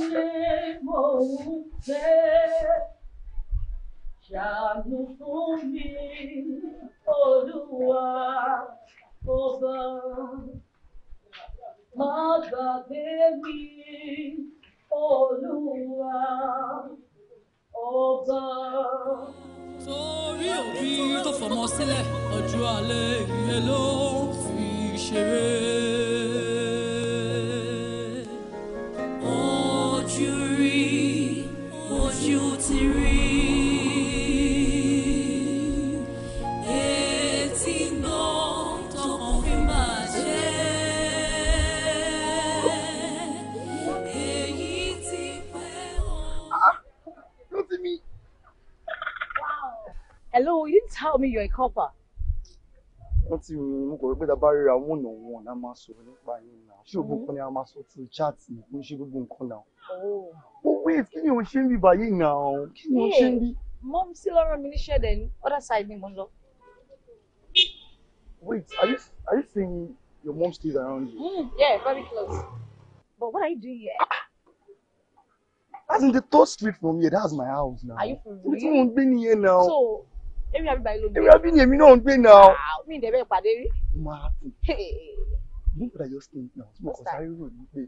mò ń fẹ́. Ṣàánú fún mi, Olúwa, ó bá má gbàgbé mi olúwa ọba. torí òbí tó fọmọ sílẹ̀ ọjọ́ alẹ́ ìyẹn ló fi ṣeré. ojú rí ojú ti rí. Hello, you didn't tell me you're a copper. wọ́n ti rìn mú kò rí pé tá a bá ríra wọn náà wọn náà máa sọ nípa yín náà ṣé òògùn kan mm-hmm. ni a máa sọ tí chat ní kó ń ṣe gbogbo nǹkan náà. ó oh. wait kí ni òun ṣe ń bí báyìí náà kí ni òun ṣe ń bí. mom sí lọ́rọ̀ mi níṣẹ́ dẹ̀ ní other side ni mo lọ. wait are you are you saying your mom stays around you. Mm, yeah very close but what are you doing here. Ah! That's in the third street from here. That's my house now. Are you for real? It's one been here now. So èmi àbí báyìí ló gbé. èmi àbí ni èmi náà ń gbé náà. mi ì dẹ́bẹ̀ ìpàdé rí. máa bù you know what I just think now small ọ̀sáré rò ní pé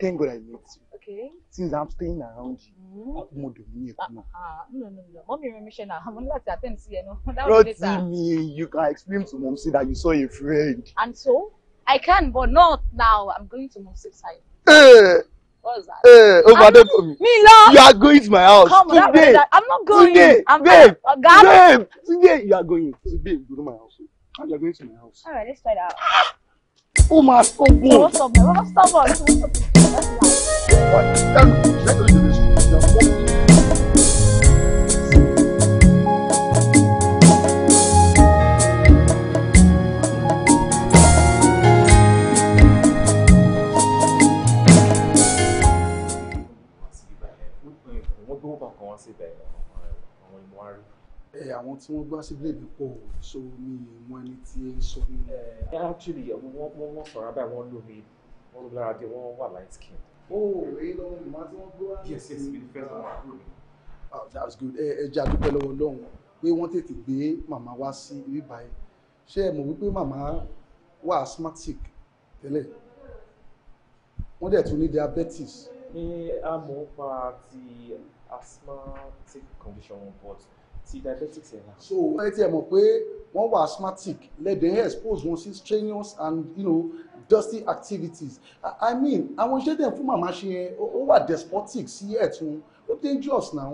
thank God I met you okay. since I'm staying around you ọmọdé mi yẹ kú náà. mọ mi rin mi ṣe náà mo ní láti attend sí ẹ náà. rántí mi you can explain to mom say that you saw a friend. and so I can but not now I'm going to mom six side. Eh! course that. Hey, eh, Obadokomi. Me love. You are going to my house. Come today. I'm not going. Today, I'm babe, babe. Today you are going. Today you go to my house. Ah, you are going to my house. All right, let's try that Oh my stubborn. Oh, what's up, man? What's stubborn? What's stubborn? síbẹ̀ àwọn ìmọ̀ àárí. ẹ àwọn tí wọ́n gbá síbílẹ̀ mi pọ̀ so mi mọ ẹni tí ẹ ń sọ nínú. ẹ actually wọ́n wọ́n sọ̀rọ̀ abẹ́ wọn lómi wọ́n lómi lára dé wọ́n wà light skin. oh èyí lọ́wọ́ ìmọ̀ tí wọ́n gbé wá. yes yes mi ni first one ah, that's good ẹ ẹ jẹ́ àdúpẹ́ lọ́wọ́ lọ́hùn pé wọ́n tètè gbé màmá wá sí ibi báyìí ṣé ẹ mọ̀ wípé màmá wà asthmatic tẹ́lẹ̀ wọ́n dẹ̀ tún ní diabetes. ní àmọ́ pa ti asthmatic condition wọn but ti diabetics yẹn na. so ẹ tiẹ̀ mọ̀ pé wọ́n wà asthmatic lẹ́dẹ̀ẹ́ expose wọn sí strenuous and you know, dusty activities i, I mean àwọn iṣẹ́ dẹ̀ fún màmá ṣe yẹn ó wà despotic sí ẹ̀tún ó dangerous now.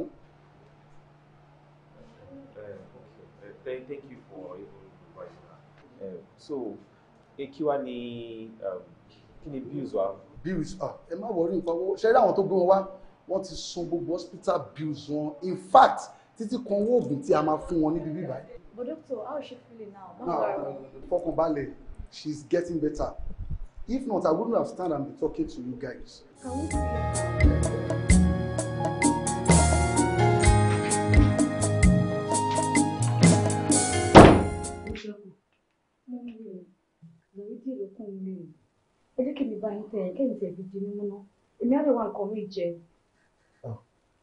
Eh, eh, thank, you for even providing that. Eh, so um, kí ni kí ni bills wa. bills ah, ẹ má wọrí nǹkan ṣe é rí àwọn tó gbé wọn wá wọ́n ti san gbogbo hospital bills wọn in fact títí kan owó oògùn tí a máa fún wọn níbi bíbá yìí. but doctor how is she feeling now. now fọkànbalẹ̀ she is getting better if not i wouldn't have stand and be talking to you guys. ẹ jẹ́ kí mi bá yín tẹ̀ ẹ́ kẹ́yìn tẹ̀ fi di mímú náà èmi á lè wá nǹkan mi jẹ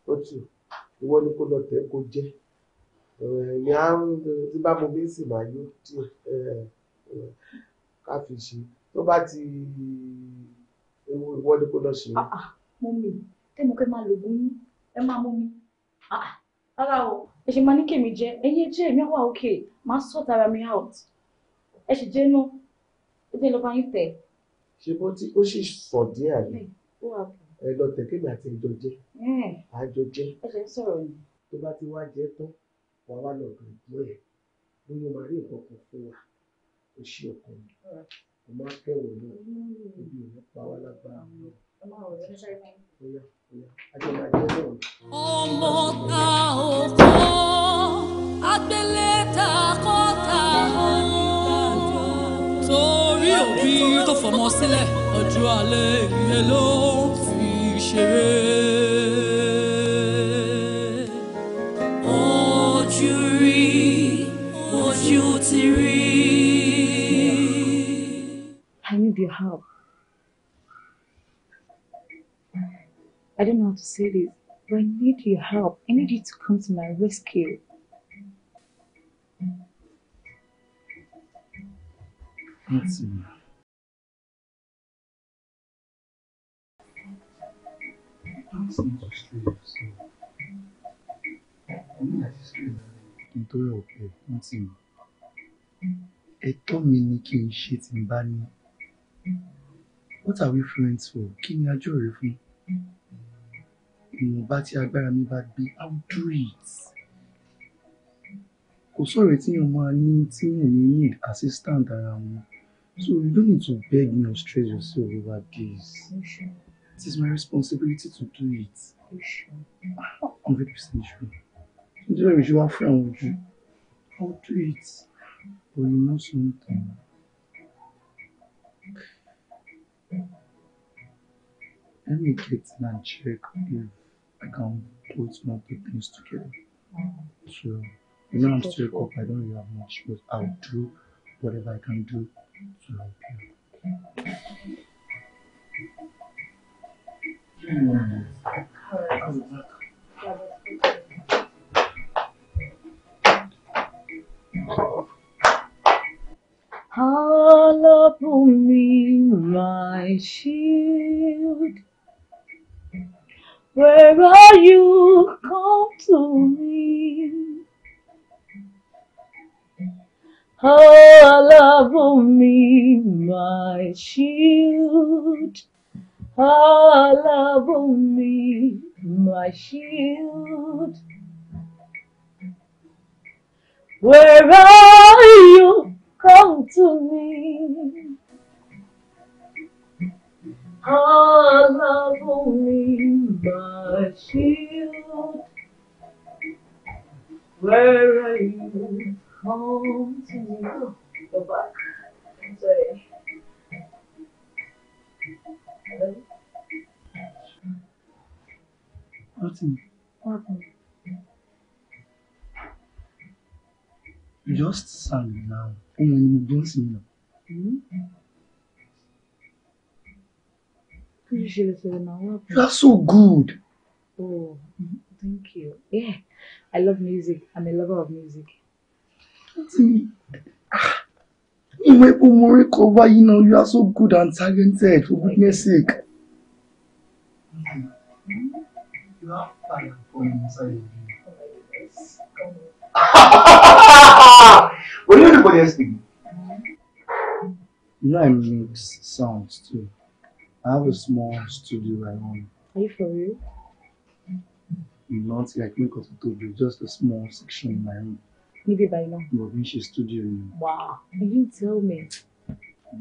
ó tù ìwọ ni kó lọ tẹ̀ kó jẹ́ ìyá tí bá mo bí sì máa yó díẹ̀ ká fi ṣe tó bá ti ewu ìwọ ni kó lọ ṣe. Ah, ah, mú mi tẹ́mu kẹ́ máa lògùn yín ẹ máa mú mi ah, rárá o ẹ ṣe máa ní kèmí jẹ ẹyin jẹ èmi àwa òkè máa sort ara mi out ẹ ṣe jẹ náà ó dé lọ bá yín tẹ. ṣe bó ti ó sì sọ díẹ̀ àbí ẹ lọ tẹ̀kẹ́mi àti ẹjọ́ jẹ àjọ hmm. jẹ tó bá ti wá jẹ tán wàá wá lọ dùn ìgbọ́ ẹ̀ bóyá máa rí nǹkan kan fún wa kò ṣe ọkàn mi mo máa kẹ́wọ̀ náà níbi òun pa wá lágbára mi. Ọmọ ta ò kọ́, agbélé ta kọ́ torí òbí tó fọmọ sílẹ̀ ọjọ́ alẹ́ ìyẹn ló I need your help. I don't know how to say this, but I need your help. I need you to come to my rescue. That's enough. nítorí ọ̀pẹ fún tìmí ẹ̀tọ́ mi ni kí n ṣe tí n bá ní what are we friends for kí ni a jọ̀rẹ́ fún ìwọ̀nba tí agbára mi bá gbé i do it kò sọ̀rọ̀ tí yàn máa ní tí yàn ní ní assistant ara wọn so you don't need to beg me or stress yourself over this. Sure. It is my responsibility to do it. I'm very sure. Nítorí èmi ṣe wá fún àwọn ojú, I'll do it. But you know something. Let me get in and check if I can put more things together. So, you know I'm still up, I don't really have much, but I'll do whatever I can do to help you. Holla upon me, my shield. Where are you? Come to me. Holla upon me, my shield all around me, my shield. Where are you? Come to me. All around me, my shield. Where are you? Come to me. Go back. Sorry. Rotimi. Just sang now. Ohun ni mo gbọ́n sí lọ. You hmm? are so good. Oh, thank you. Yeah, I love music. I'm a lover of music. Rotimi. Ah. Iwe Umori cover, you know, you are so good and talented, for goodness sake. What do you. Were you the funniest thing? You know, I make sounds too. I have a small studio I own. Are you for real? Not like me, because it just a small section in my own. Maybe by now. mo fi ń ṣe studio wow did you tell me.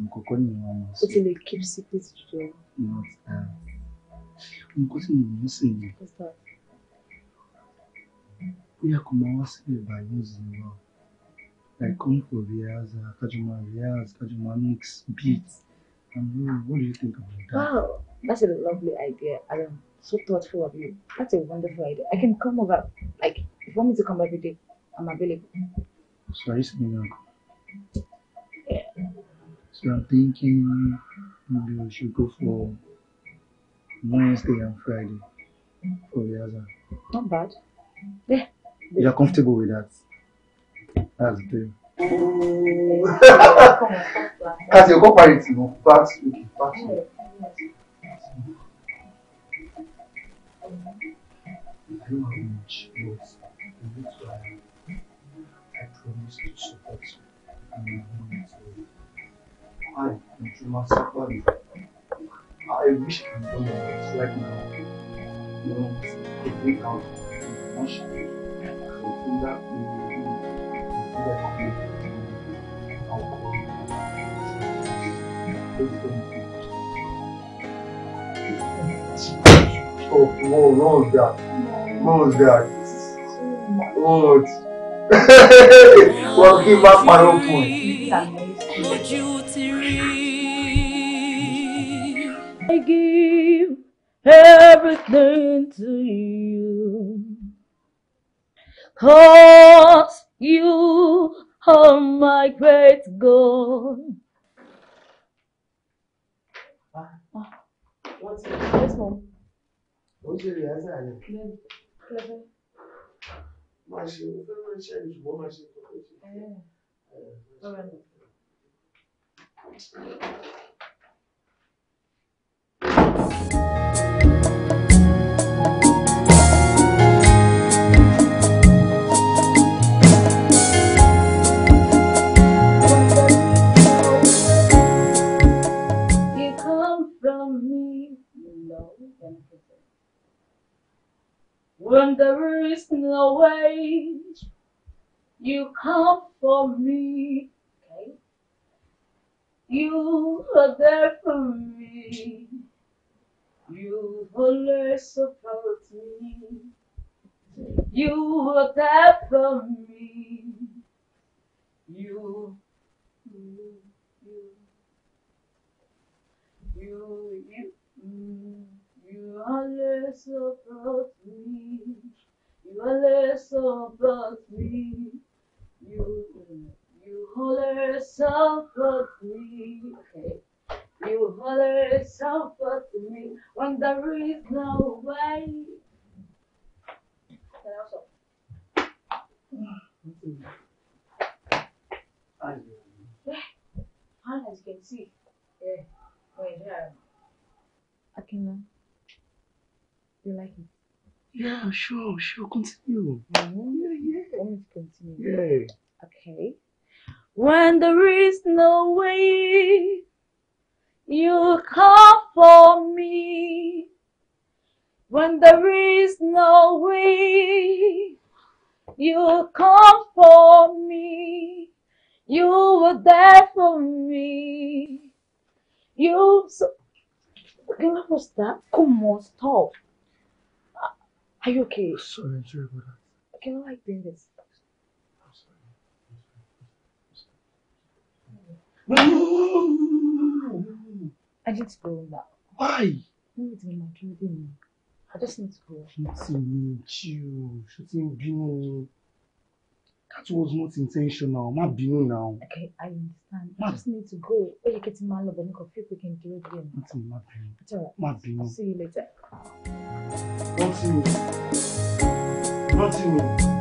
nǹkankan ah. ni wọn mọ sí. o keep secrets, jù ọ. Not. tí mo ń sè ni. bóyá kò máa wá sílẹ̀ báyìí ó sì ń lọ. I come for rehearsal, Kajuma rehearsal, Kajuma mix beats. And what do you think about that? Wow, that's a lovely idea, Adam. So thoughtful of you. That's a wonderful idea. I can come over, like, if you want me to come every day, I'm available. So I used to be like, yeah. So I'm thinking maybe we should go for Wednesday and Friday for rehearsal. Not bad. Yeah. You're comfortable with that? That's good. you go parí tì mọ́ fast looking fast I don't have much, but I need to. Uh, information so that you know I, consumer, suffer. I wish I could do my best right now. You know, to break out and function. I think that we will do alcohol. Oh, oh, Lord, oh, God. Lord, oh, God. Lord. Oh, I give everything to you. Cause you are my great God. What's it? This one. What's your answer? máa ṣe mo fẹ́ máa ṣe ṣùgbọ́n máa ṣe tó When there is no way, you come for me. Okay. You are there for me. You always support me. You are there for me. You, you, you, you, you. على صفاتي You less about me. You you holler about me. Okay. You holler about me when there is no way. Yeah. And as you can see, yeah, wait, yeah. I can. You like it? Yeah, sure, sure. Continue. Mm-hmm. Oh, yeah, yeah. me continue? Yeah. Okay. When there is no way, you call for me. When there is no way, you come for me. You were there for me. You so. Okay, what was that? Come on, stop. Are you okay? Sorry, sorry about doing this? I'm sorry. I'm sorry. i need to go now. Why? I just need to go. Shooting, chill. Shooting, binu. That was not intentional. Má bínú now. Okay, I understand. I just need to go. Oh, you're getting n ti máa lọ bẹ̀ ní kọfí pé kí n dúró díẹ̀. Má It's alright. Má bínú. See you later. Rántí mi.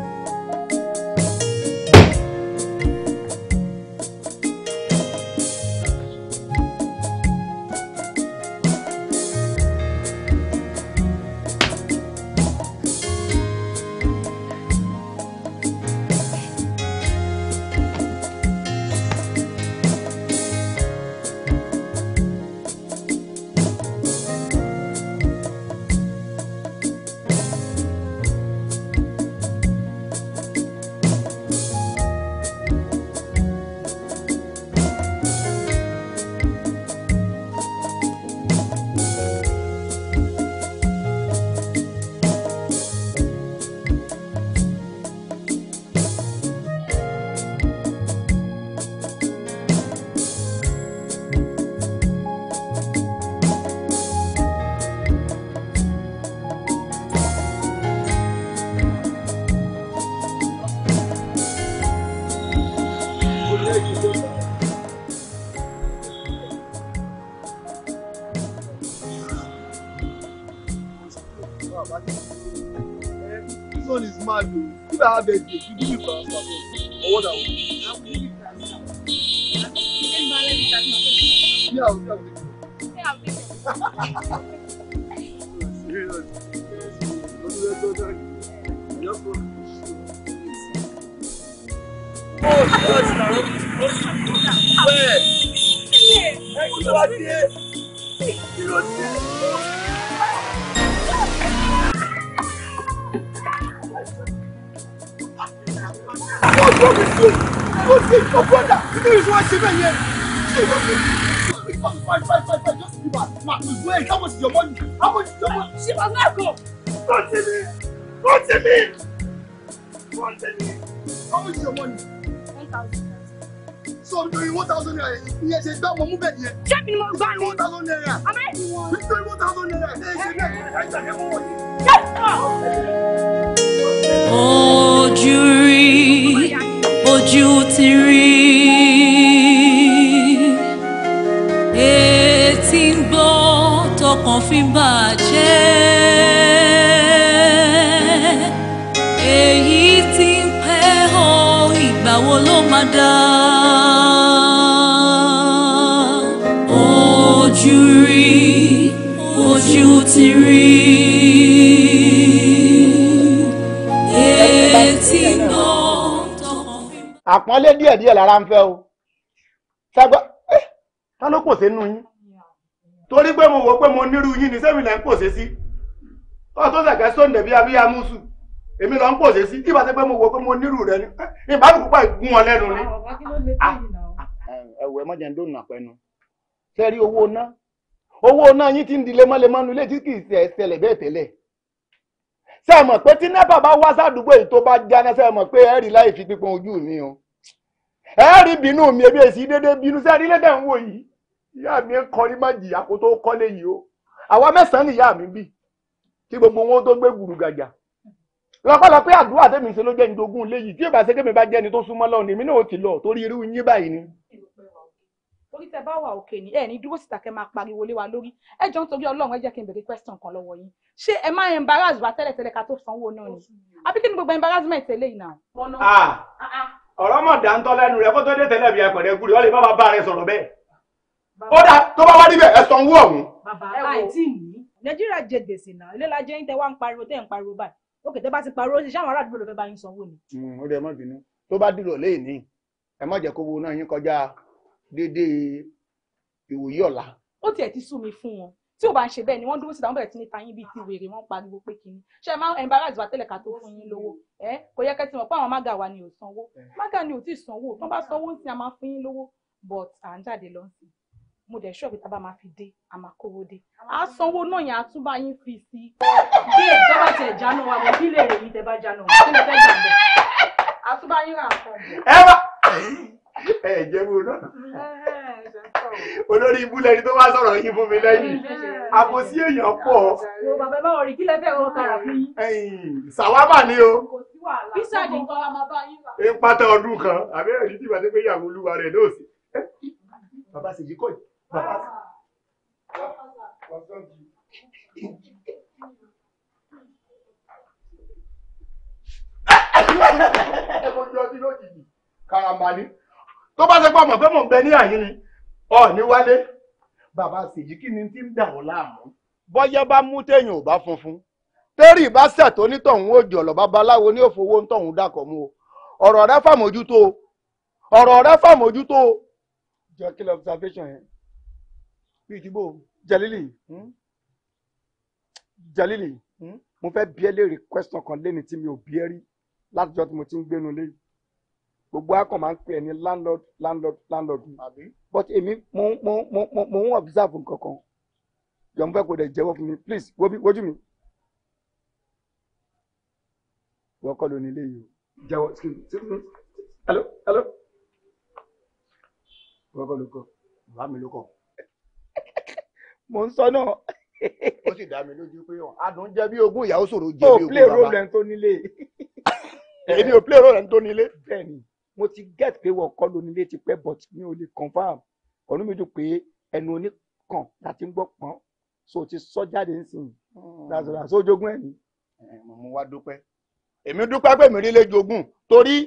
àpọ́nlé díẹ̀ díẹ̀ lára ń fẹ́ o ṣàgbọ́ ẹ́ eh, ta ló pòṣe nù yín torí pé mo wò pé mo nírú yín ni sẹ́mi là ń pòṣe sí kó tó ṣẹ̀kẹ́ sóńdẹ̀ bí abíyá mùsù èmi lọ ń pòṣe sí kí bá ṣe pé mo wò pé mo nírú rẹ ni ìbálòpọ̀ eh, púpọ̀ ìgún ọ lẹ́nu ni. ẹ̀wẹ̀ mọ̀jẹ̀ ń dóònù àpẹnu ṣe rí owó ná owó ná yín ti ń di lemọ́lemọ́ nu ilé kì í ṣẹlẹ̀ bẹ́ẹ̀ tẹ́lẹ̀ ṣe mọ̀ pé tí nẹ́pà bá wá sádùúgbò yìí tó bá jáná ṣe mọ̀ pé ẹ̀rí láì fi pípọn ojú mi o ẹ rí bínú mi ebi èsì dédé bínú sí ẹrí lédè ń wò yìí ìyá mi ń kọrin má jìyà kó tó kọ́lé yìí o àwa mẹ́sàn-án ni ìyá mi bí kí gbogbo wọn tó gbé gbùrù gàjà lọ́pọ̀lọpọ̀ àdúrà tẹ̀mí ṣe ló jẹ́ ní dogún ilé yìí tí ìbá ṣe kémi bá jẹ́ ni tó súnmọ́ lọ́run èmi náà ò ti lọ torí irú yín báyìí ni. orí tẹ bá wà òkè ni ẹ ní dúró síta kẹ máa pariwo lé wa lórí ẹ jọ nítorí Ọlọ́run ẹ jẹ́ kí n bèrè question kan lọ́wọ́ yín ṣé ẹ máa embarrass wa tẹ́lẹ̀tẹ́lẹ̀ ká tó sanwó náà ni àbí kí ni gbogbo embarrassment eléyìí náà. Ah. Ah, ah ọ̀rọ̀ mọ̀ dáńtọ́ lẹ́nu rẹ kó tó dé tẹ́lẹ̀ bí apẹ̀rẹ̀ gúri ọ̀lẹ́ bàbá bá rẹ sọ̀rọ̀ bẹ́ẹ̀. ó dà tó bá wá níbẹ̀ ẹ san owó ọ̀hún. bàbá báyìí tí mi nàìjíríà jẹ gbèsè náà ilé lajẹ ń tẹ wá ń pariwo tẹ ń pariwo báyìí òkè tẹ bá ti pariwo ṣe sáwọn ará àdúgbò ló fẹ́ bá yín sanwó ni. Mm, ó dẹ ẹ má bínú tó bá dìrò lẹ́yìn ní ẹ má jẹ́ kó wo náà yín kọjá déédéé ìwòyí ọ̀la. ó tiẹ̀ ti sú mi fún wọn tí ò bá ń ṣe bẹ́ẹ̀ ni wọ́n dúró síta wọ́n bẹ̀rẹ̀ sí ní tayín bíi ti wèrè wọ́n pariwo pé kínní ṣe máa embarrass wa tẹ́lẹ̀ ká tó fún yín lówó ẹ kò yẹ kẹ́tì pé àwọn mága wa ni ò sanwó mága ni ò tí ì sanwó tó bá sanwó ń sin a máa fún yín lówó but à ń jáde lọ sí mo dẹ̀ ṣọ́ọ̀bù tá a bá máa fi dé a máa kówó dé a sanwó náà yẹn a tún bá yín fi sí. bí èdè bá bá jánu olórí ibú lẹni tó bá sọ̀rọ̀ yín fún mi lẹ́yìn àbòsí èèyàn pọ̀. mo bàbá bá wọ̀ rí kílẹ̀ fẹ́ wọ kàrà fún ni o. bísà ni nǹkan wa máa bá yín fà. ń pátá ọdún kan àbẹ́ ẹ̀rí tí ìbàdí pé ìyàwó olúwa rẹ̀ náà sí. bàbá sì yí kọ́ yìí. ẹ mo jọ ọdún lójijì karambani tó bá ṣe pọ̀ mọ̀ pé mò bẹ ní àyín ni ọ̀ọ́ni wálé bàbá ṣèyí kí ni tí ń dà ọ́ láàmú. bọ́yá bá mú téèyàn ò bá funfun tẹ́rì bá ṣẹ̀ tó nítọ̀hún òjì ọ̀lọ́ babaláwo ní òfowó ń tọ̀hún dàkọ̀ mu o ọ̀rọ̀ rẹ fàmójútó ọ̀rọ̀ rẹ fàmójútó jọ kí lọ observation yẹn bí ìdìbò jalili hmm? jalili hmm? mo fẹ́ bi ẹ́ léèrè question kan lẹ́ni tí mi ò bi ẹ́ rí látijọ́ tí mo ti ń gbénu léyìí gbogbo akọ máa ń pè ní landlord landlord landlord but èmi mo mo mo mo mo ń observe nǹkan kan jọ̀ọ́ fẹ́ kó dẹ̀ jẹ́wọ́ fún mi please wojú mi wọ́n kọ́ ló ní ilé yìí o jẹ́wọ́ hello hello wọ́n kọ́ ló kọ́ bàbá mi ló kọ́ mo ń sọ náà ó sì dá mi lójú pé adùn jẹ bí ogún ìyàwó sòrò jẹ bí ogún bàbá. o play role ẹni tó nílé. èmi ò play role ẹni tó nílé. bẹ́ẹ̀ni mo ti get pé wọ́n kọ́ lóní létí pẹ́ but mi ò lè confam ọ̀nà mi dùn pé ẹnu oníkan láti ń gbọ́ pọ́n so ti sọ jáde nísìnyí hmm. lásìlá so jogún ẹ̀ ni. Eh, mo wá dúpẹ́ èmi dúpẹ́ pé mi rí lé jogún torí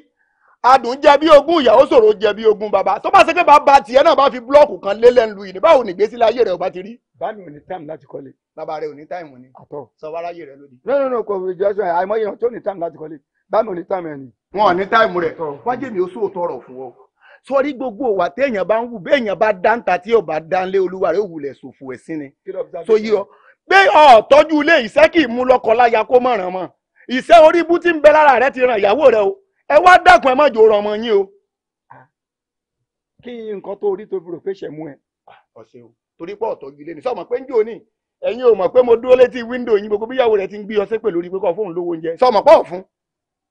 adùn jẹ bí ogún ìyàwó ṣòro jẹ bí ogún bàbá tó bá ṣe pé bàbá tiẹ̀ náà bá fi blọọkù kan lé lẹ́nu yìí ní báwo ni ìgbésí ayé rẹ ò bá ti rí. báàmì ò ní táìmù láti kọ́lé. bàbá rẹ ò ní táìmù ni. àtọ sọ wàrà ayé rẹ lódì. no no no kò jọ sọ àìmọye tó ní táìmù láti kọ́lé bámi n'ita ní táìmù ẹ̀ ni. wọn ò ní táìmù rẹ̀ mi ó gbogbo téèyàn bá ń wù béèyàn bá tí bá olúwa ẹ ni. so yí ọ pé ọ tọ́jú ilé iṣẹ́ kì í mú lọ́kọ láya kó mọ̀ràn mọ́ ń bẹ lára ti ràn ìyàwó o ẹ wá dákun ẹ yín o. kí nǹkan tó rí tó fi rò torí ilé ni pé ń jò ní ẹ̀yin ò mọ̀ pé mo dúró létí wíńdò yín gbogbo bíyàwó ti ń gbé pé kọ́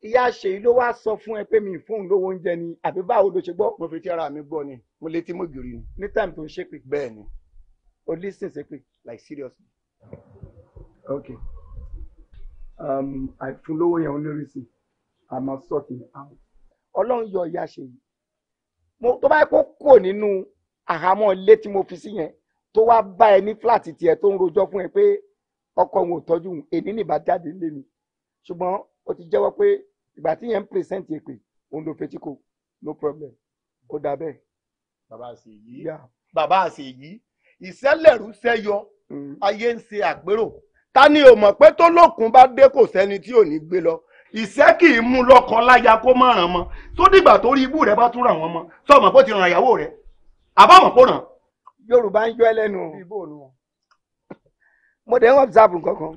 ìyá ṣèyí ló wá sọ fún ẹ pé mi fóun lówó oúnjẹ ni àbí báwo ló ṣe gbọ́. mo fi ti ara mi gbọ́ ni mo lè ti mú gìrì ni. ní táìmù tó ń ṣépè. bẹ́ẹ̀ ni. o listen ṣépè like seriously. okay um, àìfún lówó yẹn ń lérí sí i àmọ́ sọ́ọ̀tì àwọn. ọlọ́run yọ ìyá ṣèyí tó bá yẹ kó kò nínú àhámọ́ ilé tí mo fi sí yẹn tó wá bá ẹ ní fúláàtì tiẹ̀ tó ń rojọ́ fún ẹ pé ọkọ òun ò tọ́jú òun èní nìbá jáde mi ṣùgbọ́n ó ti jẹ́wọ́ pé ìgbà tí yẹn ń present èpè òun ló fetí kò no problem ó dà bẹ́ẹ̀. bàbá àṣeyí bàbá àṣeyí ìṣẹ́lẹ̀rú ṣẹ́yọ hmm. ayé ń ṣe àpérò ta ni ò mọ̀ pé tó lókun bá dé kò sẹ́ni tí ò ní gbé lọ ìṣẹ́ kì í mú lọ́kọ láya kó má ràn mọ́ tó dìgbà tó rí ibú rẹ̀ bá tún ràn wọ́n mọ́ sọ̀mọ́ bó ti ràn ìyàwó rẹ̀ àbámọ̀ kó ràn. yorùbá ń jọ ẹlẹ́nu mo dẹ̀ ń observe nǹkan kan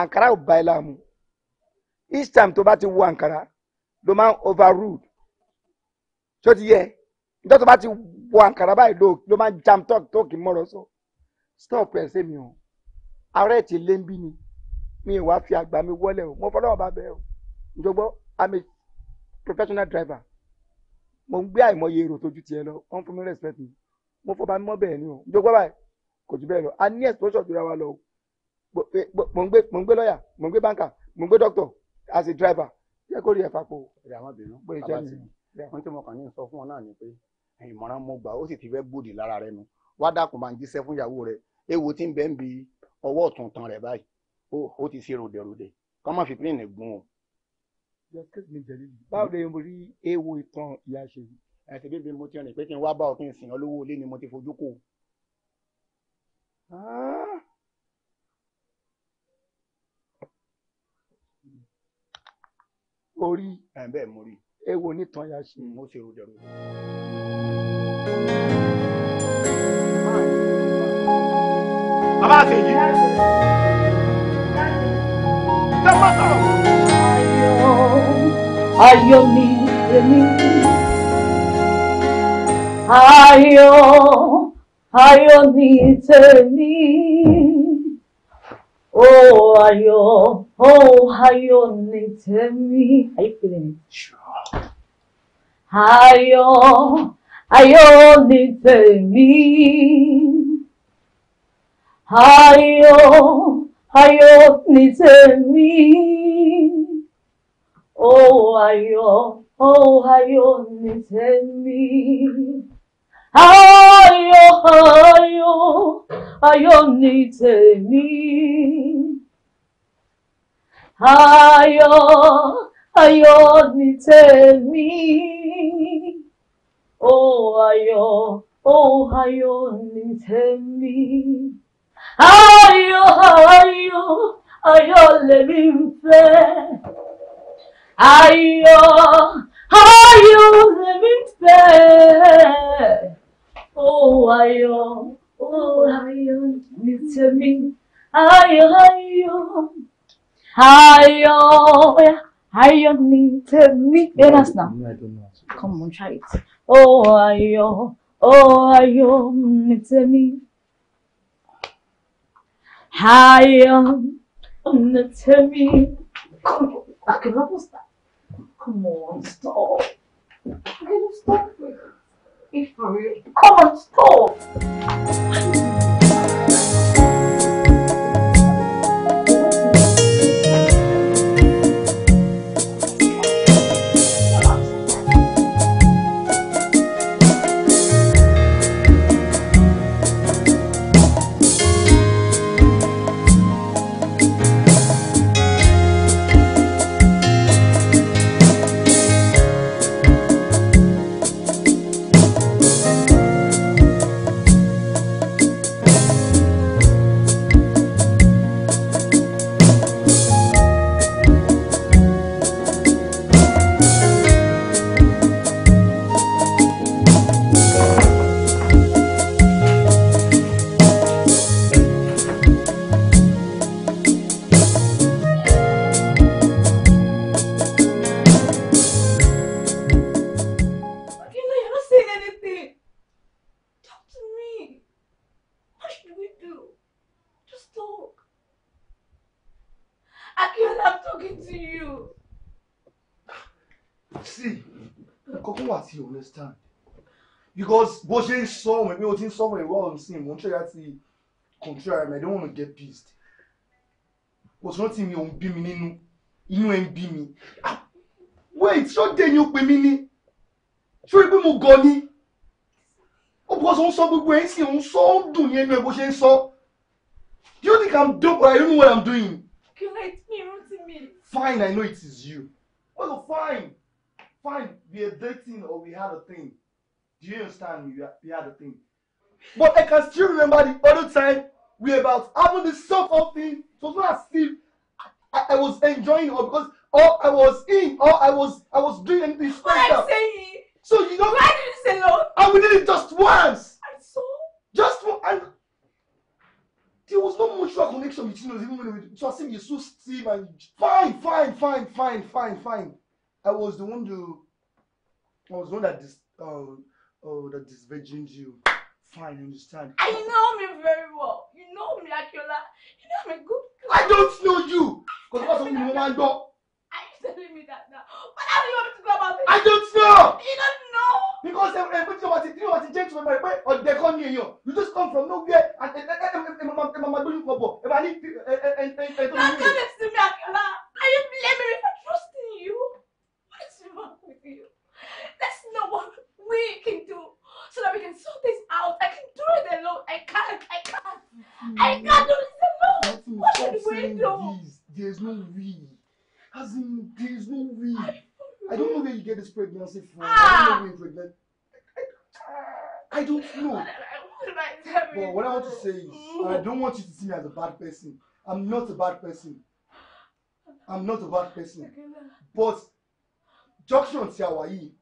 àǹkárá ò bá ẹ láàmú each time tó bá ti wo àǹkàrá ló máa ń overrule ṣó ti yẹ nítorí tó bá ti wo àǹkàrá báyìí ló máa ń jam talk tó kì í mọ̀rọ̀ sọ stop ẹ̀ sẹ́mi o ara ẹ̀ ti lé ń bí ni mi ìwà fi àgbà mi wọlé o mo fọlọ́wọ́ bá bẹ́ẹ̀ o njọgbọ́ i'm a professional driver mo ń gbé àìmọye èrò tójú tiẹ̀ lọ wọ́n fún mi respect mi mo fọba mímọ́ bẹ́ẹ̀ ni o njọgbọ́ báyìí kò jù bẹ́ẹ̀ lọ a ní exposure jura wa lọ o mo ń gbé lọ́yà mo ń gbé báńkà mo ń gbé dókítọ̀ as a driver jẹ́ kó rí ẹ̀ papọ̀. ẹ̀rẹ̀ àwọn obìnrin pé ìjọ mi wọ́n tí mo kàn ní sọ fún ọ náà ni pé ìmọ̀ràn mo gbà ó sì ti fẹ́ gbòdì lára rẹ nu wá dákun máa ń jíṣẹ́ fún ìyàwó rẹ ewu tí ń bẹ ń bi ọwọ́ ọ̀tún tan báyìí ó ti ṣe ròdèròdè kọ́ má fi pílìnì gun o. báwo lè mo rí ewu ìtàn ìyá ṣe. ẹsẹ̀ bíbí mo ti rìn pé kí n wá bá ọ̀tún ìsìn olówó ilé ni mo ti fojú kò. orí ẹ̀ bẹ́ẹ̀ ewo nítan ya ṣe mm, mo ṣe rojọ́rò. ayọ̀ ni èmi ayọ̀ ayọ̀ ni tèmi. Oh, i you? Oh, are you me? How you feeling it? Sure. Are you? Are you me? Are you? Are you me? Oh, i you? Oh, are you me? ayọ̀ ayọ̀ ayọ̀ ní tèmi ayọ̀ ayọ̀ ní tèmi Oh, ayọ̀ oh, ayọ̀ ní tèmi ayọ̀ ayọ̀ ayọ̀ lèmi ń fẹ́ ayọ̀ ayọ̀ lèmi ń fẹ́. Ohayom, Ohayom, Nitsamim, Hayayom, Hayayom, Hayayom, Nitsamim. Let us now. Come on, try it. Ohayom, Ohayom, Nitsamim. Hayayom, Nitsamim. Come on, I cannot stop. Come on, stop. I cannot stop. If for come on, stop. because bó ṣe ń sọ wọn pé o ti ń sọ wọn ìwọ ọ̀hún sí mo ń ṣe láti control ara mi i don't wanna get pissed kò sí rántí mi ò ń bí mi nínú inú ẹ̀ ń bí mi ah, wait ṣó dé ni ó pè mí ní ṣó rí pé mo gọ ni ó bọ́ sọ ń sọ gbogbo ẹ̀ ń sìn ń sọ ó ń dùn ní ẹnu ẹ̀ bó ṣe ń sọ do you think i'm dope or i don't know what i'm doing. kí ló ẹ mi rántí fine i know it is you. well fine fine we are dating or we had a thing. Do you understand me? You are, the thing. But I can still remember the other time we were about having this sort thing. So not as if I, I was enjoying her because all I was in all I was I was doing anything special. Why it? So you know why did you say no? And we did it just once. just and there was no mutual connection between us even when we so I you're so stiff and fine, fine, fine, fine, fine, fine. I was the one who. I was the one that dis, um, Oh, that is virgin Jew. Fine, understand. I know me very well. You know me, Akiola. You know I'm a good girl. I don't know you. Because what's up with my man, God? Are you telling me that now? What how do you want me to go about this? I don't know. You don't know. Because every time what you do, what you change from my way, or they come near you. You just come from nowhere and and and and and mama doing for boy. If I need and and and. Now tell this to me, Akiola. Are you blaming me? we can do so that we can sort this out. I can do it alone. I can't. I can't. Mm. I mm-hmm. can't do this alone. What should we do? This. There's no we. As in, there's no we. I, I don't know where you get this pregnancy from. Ah. I don't ah! know where you're pregnant. I don't know. but what I want to say is, I don't want you to see me as a bad person. I'm not a bad person. I'm not a bad person. But junction ti àwa me.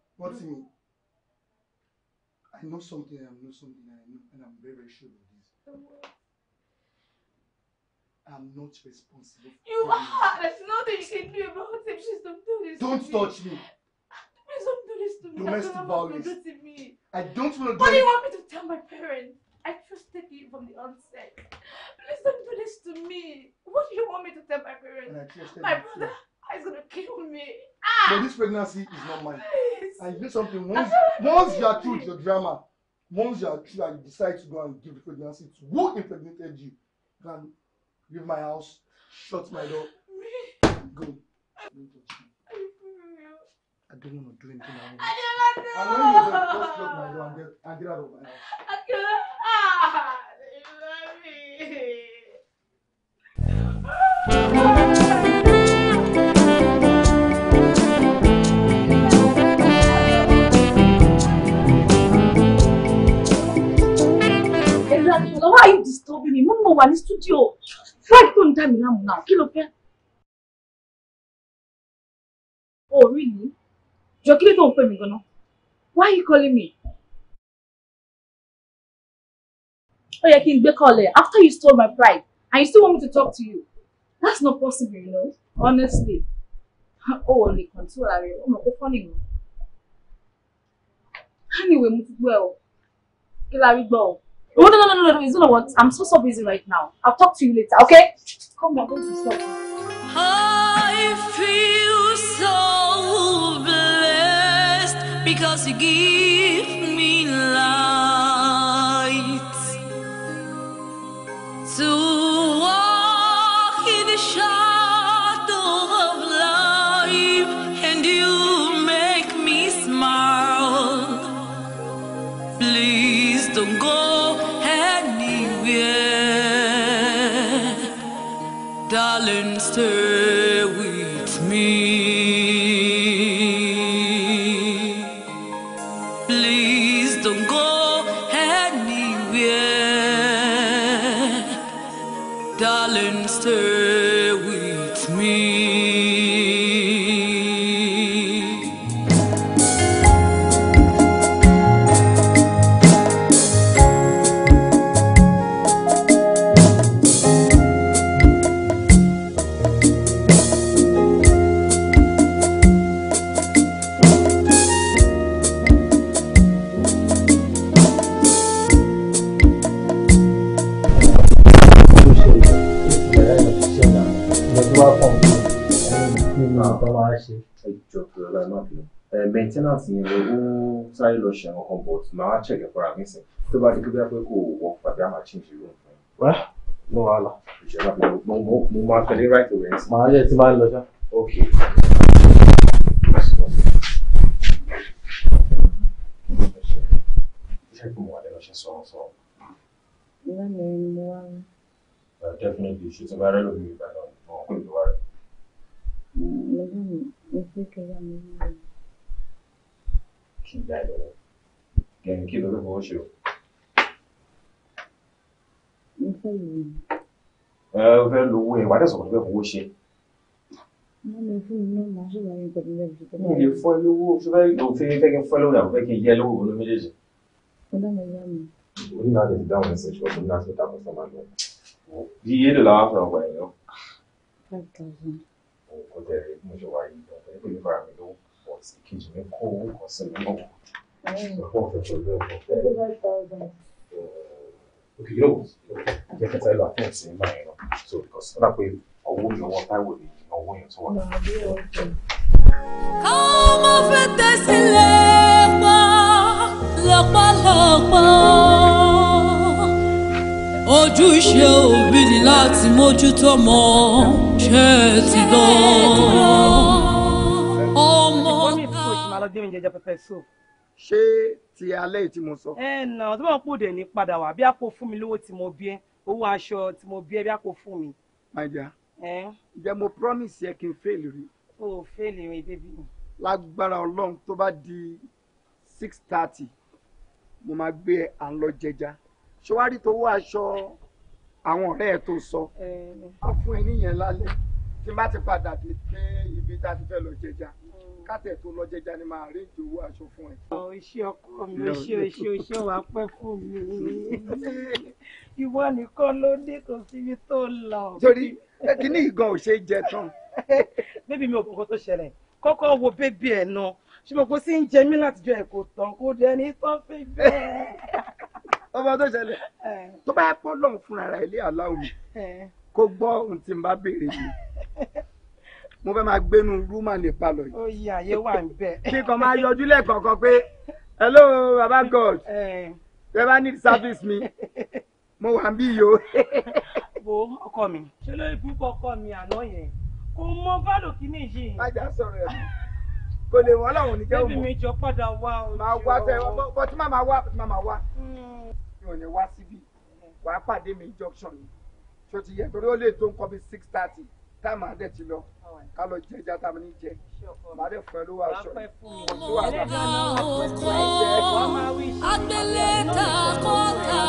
I know something, I know something, I know, and I'm very, very sure of this. I'm not responsible for You are! There's nothing you can do about it. Please don't do this Don't to touch me. me. Please don't do this to me. Domestic violence. Don't do to me. I don't want to do What do you want me to tell my parents? I trusted you from the onset. Please don't do this to me. What do you want me to tell my parents? My brother too. is going to kill me. Ah! But this pregnancy is not mine. Please. And you know something, once, once you are through your drama, once you are through and you decide to go and give the pregnancy to who impregnated you, you can leave my house, shut my door, go. I don't want to do anything. I don't know. I want you to just shut my door and get, and get out of my house. why are you disturbing me mo mọ̀ wà ní studio why tó ń dá mi láàmú Kill kí ló oh really jọ kí ló tó ń pè mí gan why are you calling me. Oh, yẹ kí n gbé call ẹ after you stole my pride and you still want me to talk to you that's not possible you know honestly Oh, wọ lè control ara rẹ ó mọ̀ anyway move ti gbọ́ ẹ o kí la Oh, no, no, no, no, no. You know what? I'm so, so busy right now. I'll talk to you later, okay? Come, we're going to stop. I feel so blessed because you give náà maintenance yẹn ló ń sáré lọ ṣe àwọn kan but màá check ẹ̀fọ́ ra mi sìn tó bá di pé bí wọ́n kò wọ́ pàdé àmà change room fún mi. wá mo, wà lọ. ìjọba mo mo mo máa tẹ̀lé right away. màá yẹ tí máa ń lọ ṣá. ok. iṣẹ́ kí mo wà lẹ́nu ṣe sọ̀rọ̀ sọ̀rọ̀. ìwádìí ni mo wá. definitely ṣe ti máa rẹ́ lómi ìgbà. Язык я не знаю. Очень дай дорого. Генки дорого получил. Mo fẹ́ lò ó. Ẹ o fẹ́ lo owó ẹ̀ wá dẹ̀sọ̀ pẹ̀lú owó ṣe. Mo lè fún mi náà máa ṣe wáyé pẹ̀lú ẹ̀rù tó tẹ̀lé. Mo lè fọ́ lówó ṣé fẹ́ lò fẹ́ fẹ́ kí n fọ́ lówó dàbọ̀ fẹ́ kí n yẹ lówó olómi méjèèjì. Mo dáná ìyá mi. Oní náà lè fi dáhùn ẹsẹ̀ ṣùgbọ́n mo ní láti dáhùn ẹsẹ̀ máa lọ. Bí iye lò láwọn fún ọgbà ẹ̀yọ́. Five thousand. Mo kọ́ tẹ̀lé mo ṣe wáyé ẹgbẹ́ ìfara mi ló pọ̀ sí kejì mi kó owó kan sí mi náà wọ́n mm. fẹ́ pẹ̀lú eh, ẹ̀kọ́ so because ó dà pé ọwọ́ mm, mi òbí ni láti mójútó mọ́ ṣe ti gbọ́ lọ gbé mi jẹjẹ pẹpẹ soup. ṣé ti alẹ́ tí mo sọ. ẹ nà tó bá ń pòdè ní padà wá bí àpò fún mi lówó tí mo bí ẹ owó aṣọ tí mo bí ẹ bí àpò fún mi. my dear ǹjẹ́ mo promise yẹ kí n fail rí. o ò fail rí bébí lágbára ọlọ́run tó bá di six thirty mo máa gbé ẹ à ń lọ jẹja ṣé wàá rí tówó aṣọ àwọn ọ̀rẹ́ ẹ tó sọ. wọ́n fún ẹ níyẹn lálẹ́ tí n bá ti padà dé ibi tá a ti fẹ́ lọ jẹja kátẹ̀ tó lọ jẹjà ni máa rí ìjòwò aṣọ fún ẹ. ọ iṣẹ́ ọkọ mi ò ṣe òṣè òṣè wà pẹ́ fún mi ìwọ nìkan ló dé kò síbi tó lọ. torí kíní ìgan ò ṣe é jẹ tán. bébí mi ò kókó tó ṣẹlẹ̀ kọ́kọ́ wo bébí ẹ̀ náà ṣé mo kó sí ń jẹ mí látijọ́ ẹ̀ kò tán kó dẹni tán fi bẹ́ẹ̀. ọmọ tó ṣẹlẹ̀ tó bá pọ́ lọ́n fúnra rẹ̀ ilé aláwọ̀ kó gbọ́ mo fẹ́ máa gbénu rúmà lè palọ̀ yìí. ó yí àyè wà ń bẹ. kíkan máa yọjú lẹ́ẹ̀kọ̀ọ̀kan pé hello baba god ṣe bá need service me. mo wà ń bí yìí o. bo ọkọ mi ṣe ló ibú bọ ọkọ mi àná yẹn kò mọ bálò kìíní yìí. ajá sọ̀rọ̀ ẹ kò lè wọn Ọlọ́run ní kẹwọn. bébí mi jọ padà wá o. máa wá tẹ bọ tí màmá wá tí màmá wá. Hmm. mi ò ní wá síbí wàá pàdé mi junction ni ṣòtìyẹ torí ó lè tó nǹkan bíi six thirty táìmù adẹ ti lọ ká lọ jẹ ẹja táìmù ní jẹ màá dẹ fún ẹ lówó aṣọ rẹ kò tó wà lábẹ agbélẹ̀ta kọ́ta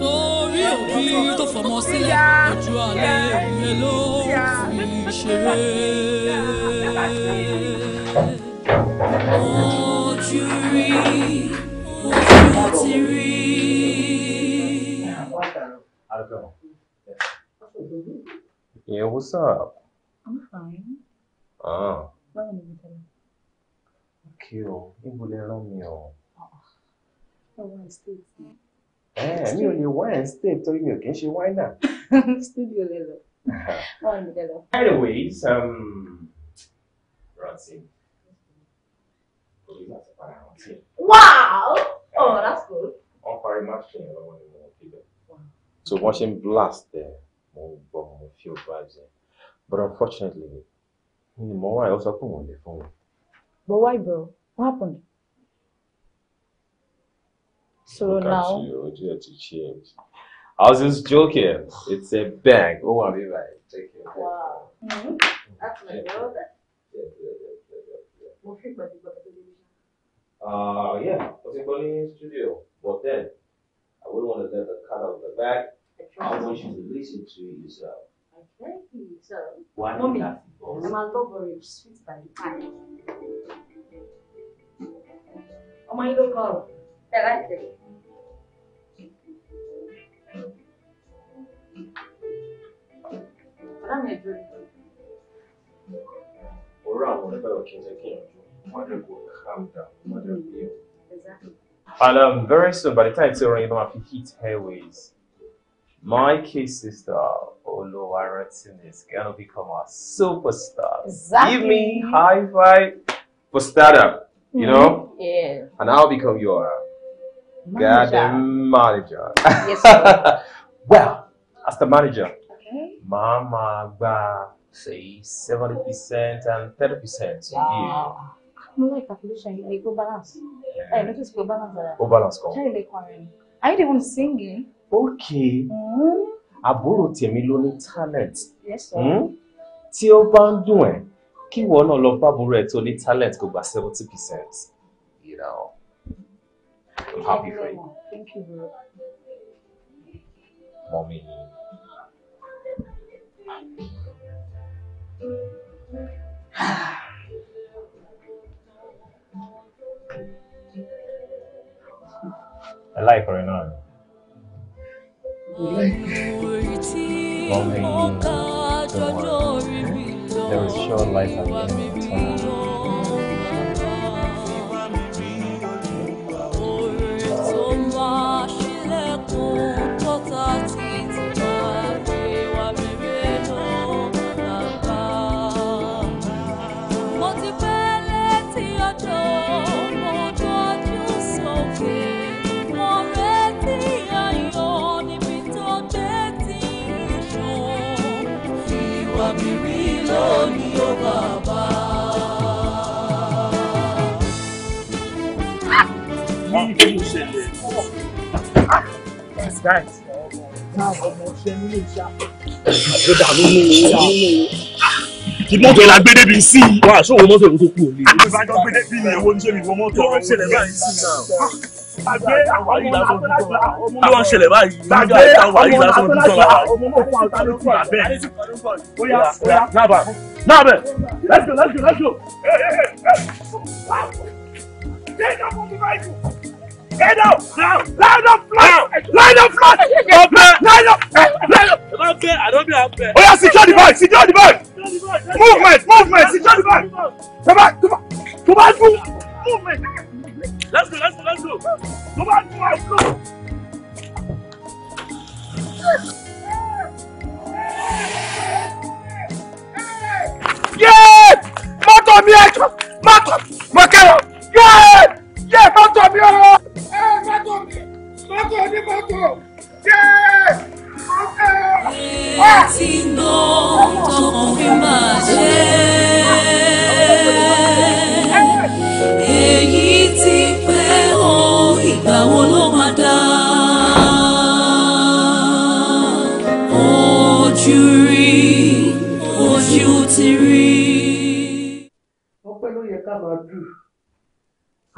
torí òbí tó fọmọ sílẹ̀ ojú alẹ́ ìwé ló fi ṣeré ojú rí ojú ti rí. Yeah, what's up? I'm fine. Ah. Báwo ni mo tẹ̀lé? Kí o, níbo lè rán mi o? Ẹ wá estate ni. Ẹ mi ò lè wá estate torí mi ò kì í ṣe wáínà. Studio lè lọ. Báwo ni mo tẹ̀lé? Anyways, rántí. Olú láti para Wow! Oh, that's good. Wọ́n parí máṣíìnì lọ́wọ́ ni mo fi So watching blast there mo gbọ́ mo feel vibes yẹn but unfortunately mi mọ̀ wáyé ó sọ pé òun lè fún mi. but why bro what happened. so Look now. Look at you ojú ẹ ti change. I was just joking it's a bag ó wà mí báyìí take care. wow mm -hmm. that's my brother. mo fi gbàgbé gbàgbé lórí. Uh, yeah, I was in the studio, but then I wouldn't want to let the cut out of the back. I want you to listen to yourself. Okay, so. Why Mommy, I'm a lover of sweet by the Ọmọ yín ló kọ́ ọ, ẹ láìpẹ́. Ọ̀dà mi ẹ̀ dúró. Òru àwọn ẹgbẹ́ òkè ń jẹ́ kí ìyànjú. Wọ́n jẹ́ kó calm down, wọ́n jẹ́ kó yẹ. Exactly. And um, very soon, by the time it's around, you know, if you hit airways, my kid sister Oluwarotimi is gonna become a superstar. Exactly. Give me high five for startup. You mm-hmm. know. Yeah. And I'll become your uh, garden manager. Yes. Sir. well, as the manager, okay. Mama gba say seventy percent and thirty percent Wow. to wow. you. No like calculation, like go balance. Yeah. I notice go balance. Uh, go balance, come. Are you the one singing? Okay. ok hmm? àbúrò tèmi ló ní talent hmm? tí ó bá ń dùn ẹ́ kí ìwọ náà lọ bá àbúrò ẹ̀ tó ní talent kó gba seventy percent you know I'm happy for you. Thank you, bro. Mommy. I like her now. Long may mean the world. Uh, there is short life at the end of time. kí ló ṣẹlẹ̀. àbúdà ló ní ìyá mọ́tò la gbé débi sí i. wà á sọ̀rọ̀ mọ́tò ló tó kú òní. àbí bá jọ gbé débi ni èwo níṣẹ́ mi wọ mọ́tò ọ̀rọ̀ ṣẹlẹ̀ báyìí sí i náà. àgbẹ̀ àwọn ìlà tó ń tọ́ la. kí wọ́n ṣẹlẹ̀ báyìí. àgbẹ̀ àwọn ìlà tó ń tọ́ la. náàbà náàbẹ̀ let's go let's go let's go. Take up on the Bible. Get out! Now! Line up flat! Line up flat! Okay! Line up! Line up! Okay, I don't know how to play. Oh yeah, secure the bag! Secure the bag! Movement! Movement! Secure the bag! Come back! Come back! Come back! Movement! Let's go! Let's go! Let's go! Come back! Come back! Come back! Yeah! Mata minha! Mata! Mata! Yeah! jẹ́ mọ́tò mi o. ẹ mọ́tò mi mọ́tò ní mọ́tò jẹ́ mọ́tò. retí náà tọkàn fi máa ṣe èyí ti pẹ́ o ìgbà wo ló máa dá ojú rí ojú ti rí. ọpẹ́ ló yẹ ká máa dùn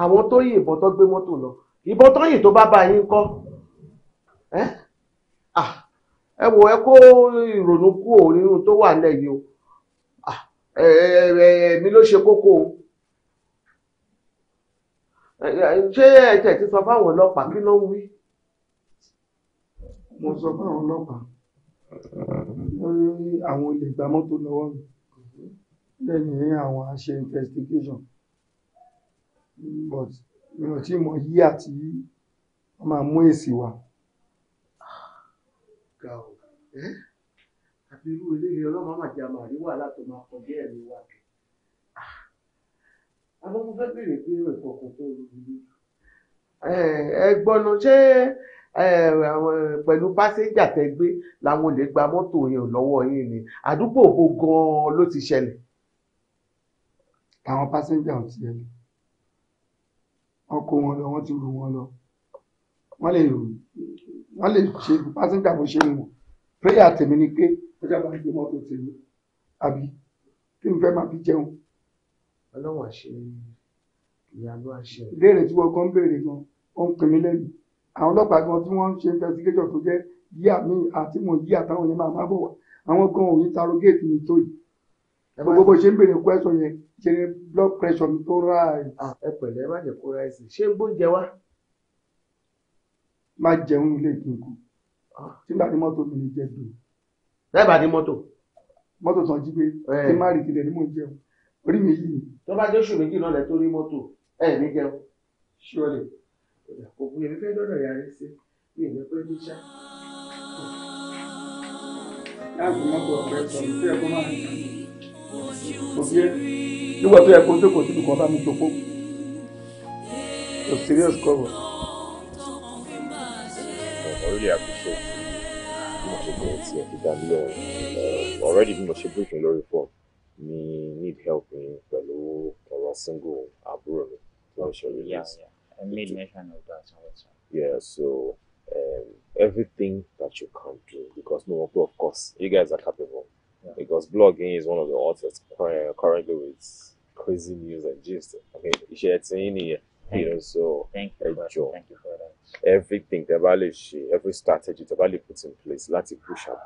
àwọn tó yìn ìbọn tó gbé mọ́tò lọ ìbọn tó yìn tó bá bá yín kọ́ ẹ wò ẹ kó ìrònú kúò nínú tó wà nílẹ̀ yìí o ẹ̀mí ló ṣe kókó o ṣé ẹ̀jẹ̀ ti sọ fáwọn ọlọ́pàá kí ló ń wí. mo sọ fáwọn ọlọ́pàá àwọn olè gba mọ́tò lọ́wọ́ mi lẹ́yìn àwọn àṣẹ investigation but mi ò tí ì mọ yíyà tí wọ́n máa mú èsì wá. ga o àti irú eléyìí ọlọ́mọ àmàjẹ àmàrí wàhálà tó máa kọjá ẹ̀mí wa kẹ. Ah, àwọn ọmọ fẹ́ bèrè pé ẹ̀kọ́ kan tó lù mí lójú. ẹ gbọ́nu ṣé pẹ̀lú pásẹ́njà tẹ gbé làwọn olè gba mọ́tò yẹn lọ́wọ́ yín ni àdúgbò bo gan-an ló ti ṣẹlẹ̀. àwọn pásẹ́njà ò tiẹ̀ lè wọ́n kó wọn lọ wọ́n ti rù wọn lọ wọ́n lè rù wọ́n lè ṣe pásíńjà bó ṣe ń wọ̀ prayer tèmi ni pé ọjà bá ń gbé mọ́tò tèmi àbí kí n fẹ́ máa fi jẹun. ọlọ́wọ̀n ṣe ìyàlú àṣẹ. ìbéèrè tí wọ́n kàn ń béèrè gan ó ń pè mí lẹ́nu àwọn ọlọ́pàá gan tí wọ́n ń ṣe investigation tó jẹ́ yíyà mi àti mò yíyà táwọn yẹn máa máa bọ̀ wá àwọn gan òyìn tarogéètì mi tó yìí gbogbo ṣe ń béèrè question yẹn ṣe blood pressure mi tó rise. Ah, ẹ pẹ̀lẹ́ ẹ má jẹ́ kó rise ṣé gbóúnjẹ wá. má jẹun ilé ìkínkù ah. tí bá ní mọ́tò mi ní jẹ́ dùn. lẹ́bàá ní mọ́tò. mọ́tò tán jí gbé eh. kí má rí tilẹ̀ ní mò ń jẹun orí mi yìí. tó bá jẹ́ oṣù méjì náà lẹ tó rí mọ́tò ẹ ní jẹun. ṣọlẹ̀ òkú yẹn fẹ́ dọ́dọ̀ yàrá sí mi ò ní ní sá láti mọ́tò ọ̀pẹ sọ̀rọ̀ tí ẹ̀kọ́ máa ń sọ. Òbí ẹ̀ nígbà tó yẹ kó jókòó síbi kan bá mi jókòó o serious cover. ọ̀rẹ́ àkùsọ bí mo ṣe bẹ̀rẹ̀ tí ẹ fi dá already bí mo ṣe bíríkì lórí fọ́ọ̀mù mi need help mi pẹ̀lú ọ̀rọ̀ single àbúrò mi tí wọ́n ṣe release. I made mention of that also. Yeah, so um, everything that you can do because no of course you guys are capable yeah. because blogging is one of the artists currently with crazy news and just Okay, She ti yín nìyẹn. You know, so thank you, thank you for that. Everything The value she every strategy the value put in place láti push up.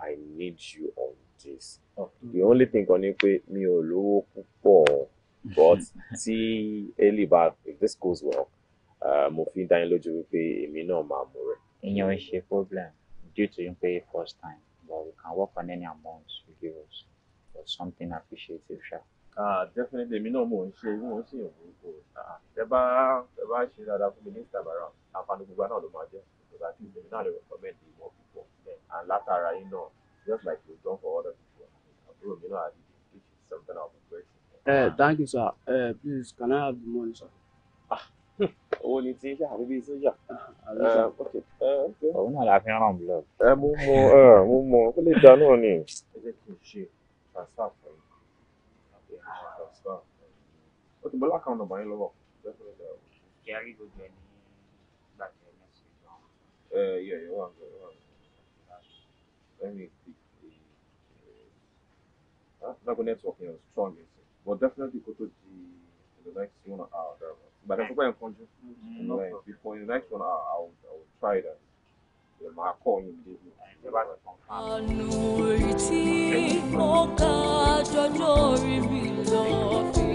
I need you on this. Okay. The only thing kan ni pé mi ò lówó but see, early back if this goes well, uh, mo fi ń dá yín lójú wípé èmi náà máa mú Ìyẹn ò ṣe problem due to him pay first time but we can work on any amount you give us for something appreciative Sure. Ah, definitely èmi náà mò ń ṣe mò ń ṣe ìwé ìbò tẹ bá tẹ bá ṣe dáadáa fún mi ní ìtàbà rà àǹfààní gbogbo náà ló máa jẹ ìgbà tí èmi náà lè recommend the more people and látara yín náà just like you done for other people àbúrò mi náà àti teach you something of great. Uh, thank you sir uh, please can I have the money sir. Ah, owó ni ti ṣe àbíbí sójà. òun ah, eh, náà la fi ń ràn mí lọ. ẹ mú mọ ẹ mú mọ ó lè dáná ni. ẹ jẹ́ kí n ṣe transfer Okay, but the, ọ̀nà bàyẹn lọ́wọ́. Let me the. Eh, ah, network is strong But definitely go tó the the next one hour dáadáa. Ìgbà tí wọ́n kọjú. Before the next one hour, ah, ah, I will, I will try that. Màá kọ́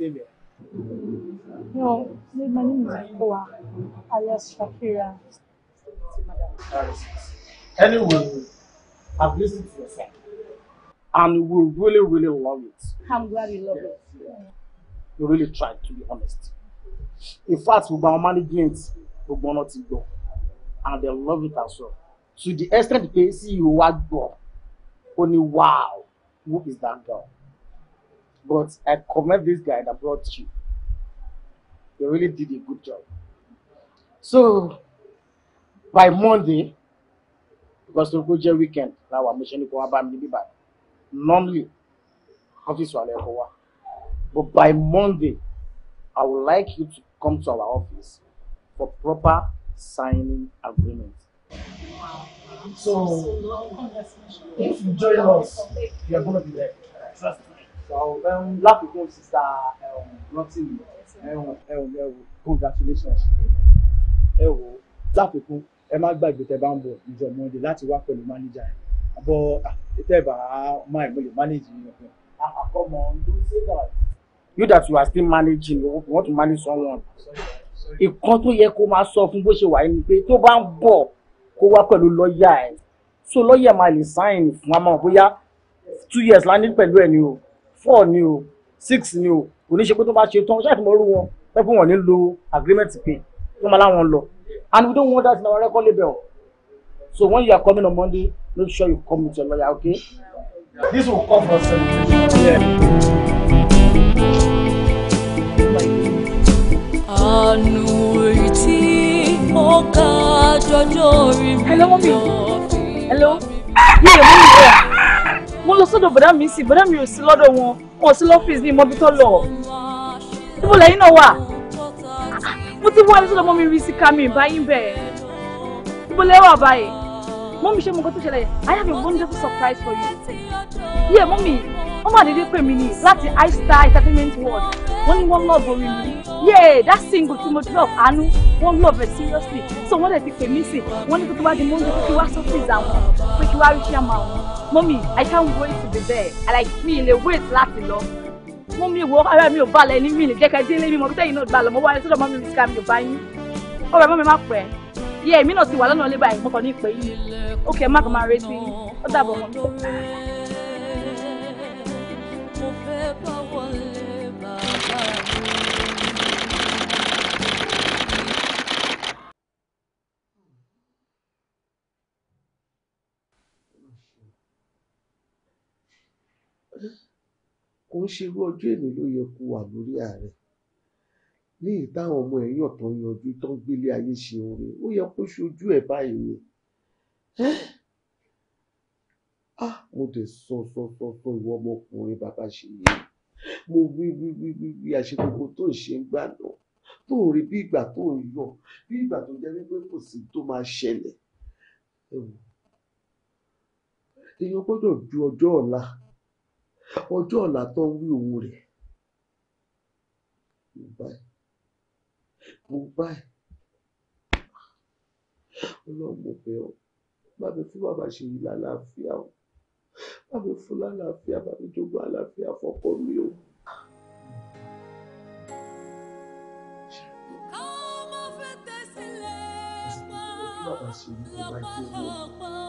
Savior? No, my name is Kowa, alias Shakira. Anyway, I've listened to your song and we really, really love it. I'm glad you love yes. it. You really tried, to be honest. In fact, we were management, we were not go, and they love it as well. To the extent they see you, what go, only wow, who is that girl? But I commend this guy that brought you. He really did a good job. So by Monday, because to go jẹ weekend Now wa mo ṣe ni kò normally office wa lẹ kó but by Monday I would like you to come to our office for proper signing agreement. Wow! So, if you join us, you are going to be there. Trust me. Um, láfikún sísá um, rántí mi um, congratulations ẹ wò láfikún ẹ má gbàgbé tẹ bá ń bọ̀ ìjọ mọ́ndé láti wá pẹ̀lú mánéjà yẹn àbọ̀ àtẹ̀bà máa ìmọ̀ lè mánéjì yẹn fún ẹ. àkọ́mọ ló ṣe dà. you that you are still managing you want to manage someone. ìkan tó yẹ kó máa sọ fún bó ṣe wà ní pé tó bá ń bọ̀ kó wá pẹ̀lú lọ́ọ̀yà ẹ̀ so lọ́ọ̀yà máa lè sáìn fún amọ̀ bóyá two years la ní pẹ̀lú ẹ̀ ni o four ni o six ni o kò ní ṣe pé tó bá ṣe tán ṣáà tí mo rú wọn pé fún wọn ní lo agreement pé wọn máa láwọn lọ and we don't want that in our record label so when you are coming on Monday make sure you come with your lawyer okay this will come for celebration. Yeah. àánú ìtí ó ká jọjọ orí hello hello mi ò mú mo lọ sọ́dọ̀ bọ̀dá mi sí bọ̀dá mi ò sí lọ́dọ̀ wọn wọn ò sí lọ́fíìsì ní mọ́bí lọ ibo lẹ́yìn náà wà mo ti wá ẹni sọ́dọ̀ rí sí kami báyìí bẹ́ẹ̀ ibo lẹ́yìn wà báyìí mọ́mí ṣé mo kọ́ tó ṣẹlẹ̀ I have a wonderful surprise for you yeah mọ́mí wọ́n máa dédé pè mí ní láti high star entertainment world wọ́n ní wọ́n love orin mi yeah that single tí mo drop àánú wọ́n love it seriously so wọ́n lè ti pè mí sí wọ́n ní kókó bá di monday kókó wá sọ́fíìsì àwọn pé kí wá rí sí àmà àwọn mọ́mí i can't wait to be there i like me le wait láti lọ mọ́mí wo ara mi ò balẹ̀ ní mi lè jẹ́ kẹ́ délé mi mọ̀ bí tẹ́yìn náà gbà lọ mo wá ní sọ́dọ̀ mọ́mí mi sí ká mi ò bá yín ọ̀rẹ́ mọ́mí má pẹ́ yẹ èmi náà ti wà lọ́nà ilé báyìí mo kàn ní ìpè yìí ó kẹ́ má kàn máa retí kò ń ṣerú ọjọ́ èmi ló yẹ kó wà lórí ààrẹ ní ìtàwọn ọmọ ẹ̀yàn tó yanjú tó ń gbélé ayé ṣe oore ó yẹ kó ṣojú ẹ̀ báyìí ni ah mo dẹ̀ sọ sọ sọ sọ ìwọ ọmọkùnrin bàbá ṣe yé mo wí wí wí wí wí àṣegbogbo tó ń ṣe ń gbà náà tó ń rí bí ìgbà tó ń yọ bí ìgbà tó jẹ́ wípé kò sí tó máa ṣẹlẹ̀ èèyàn gbọ́dọ̀ ju ọjọ́ ọ̀la ọjọ́ ọ̀la tó ń wí òun rẹ̀ mo báyìí mo báyìí ọlọ́mọ bẹ ọ bá fún bàbá ṣe yìí lálàáfíà o bá fún lálàáfíà bá jogún àlàáfíà fọkọ mi o. Bàbá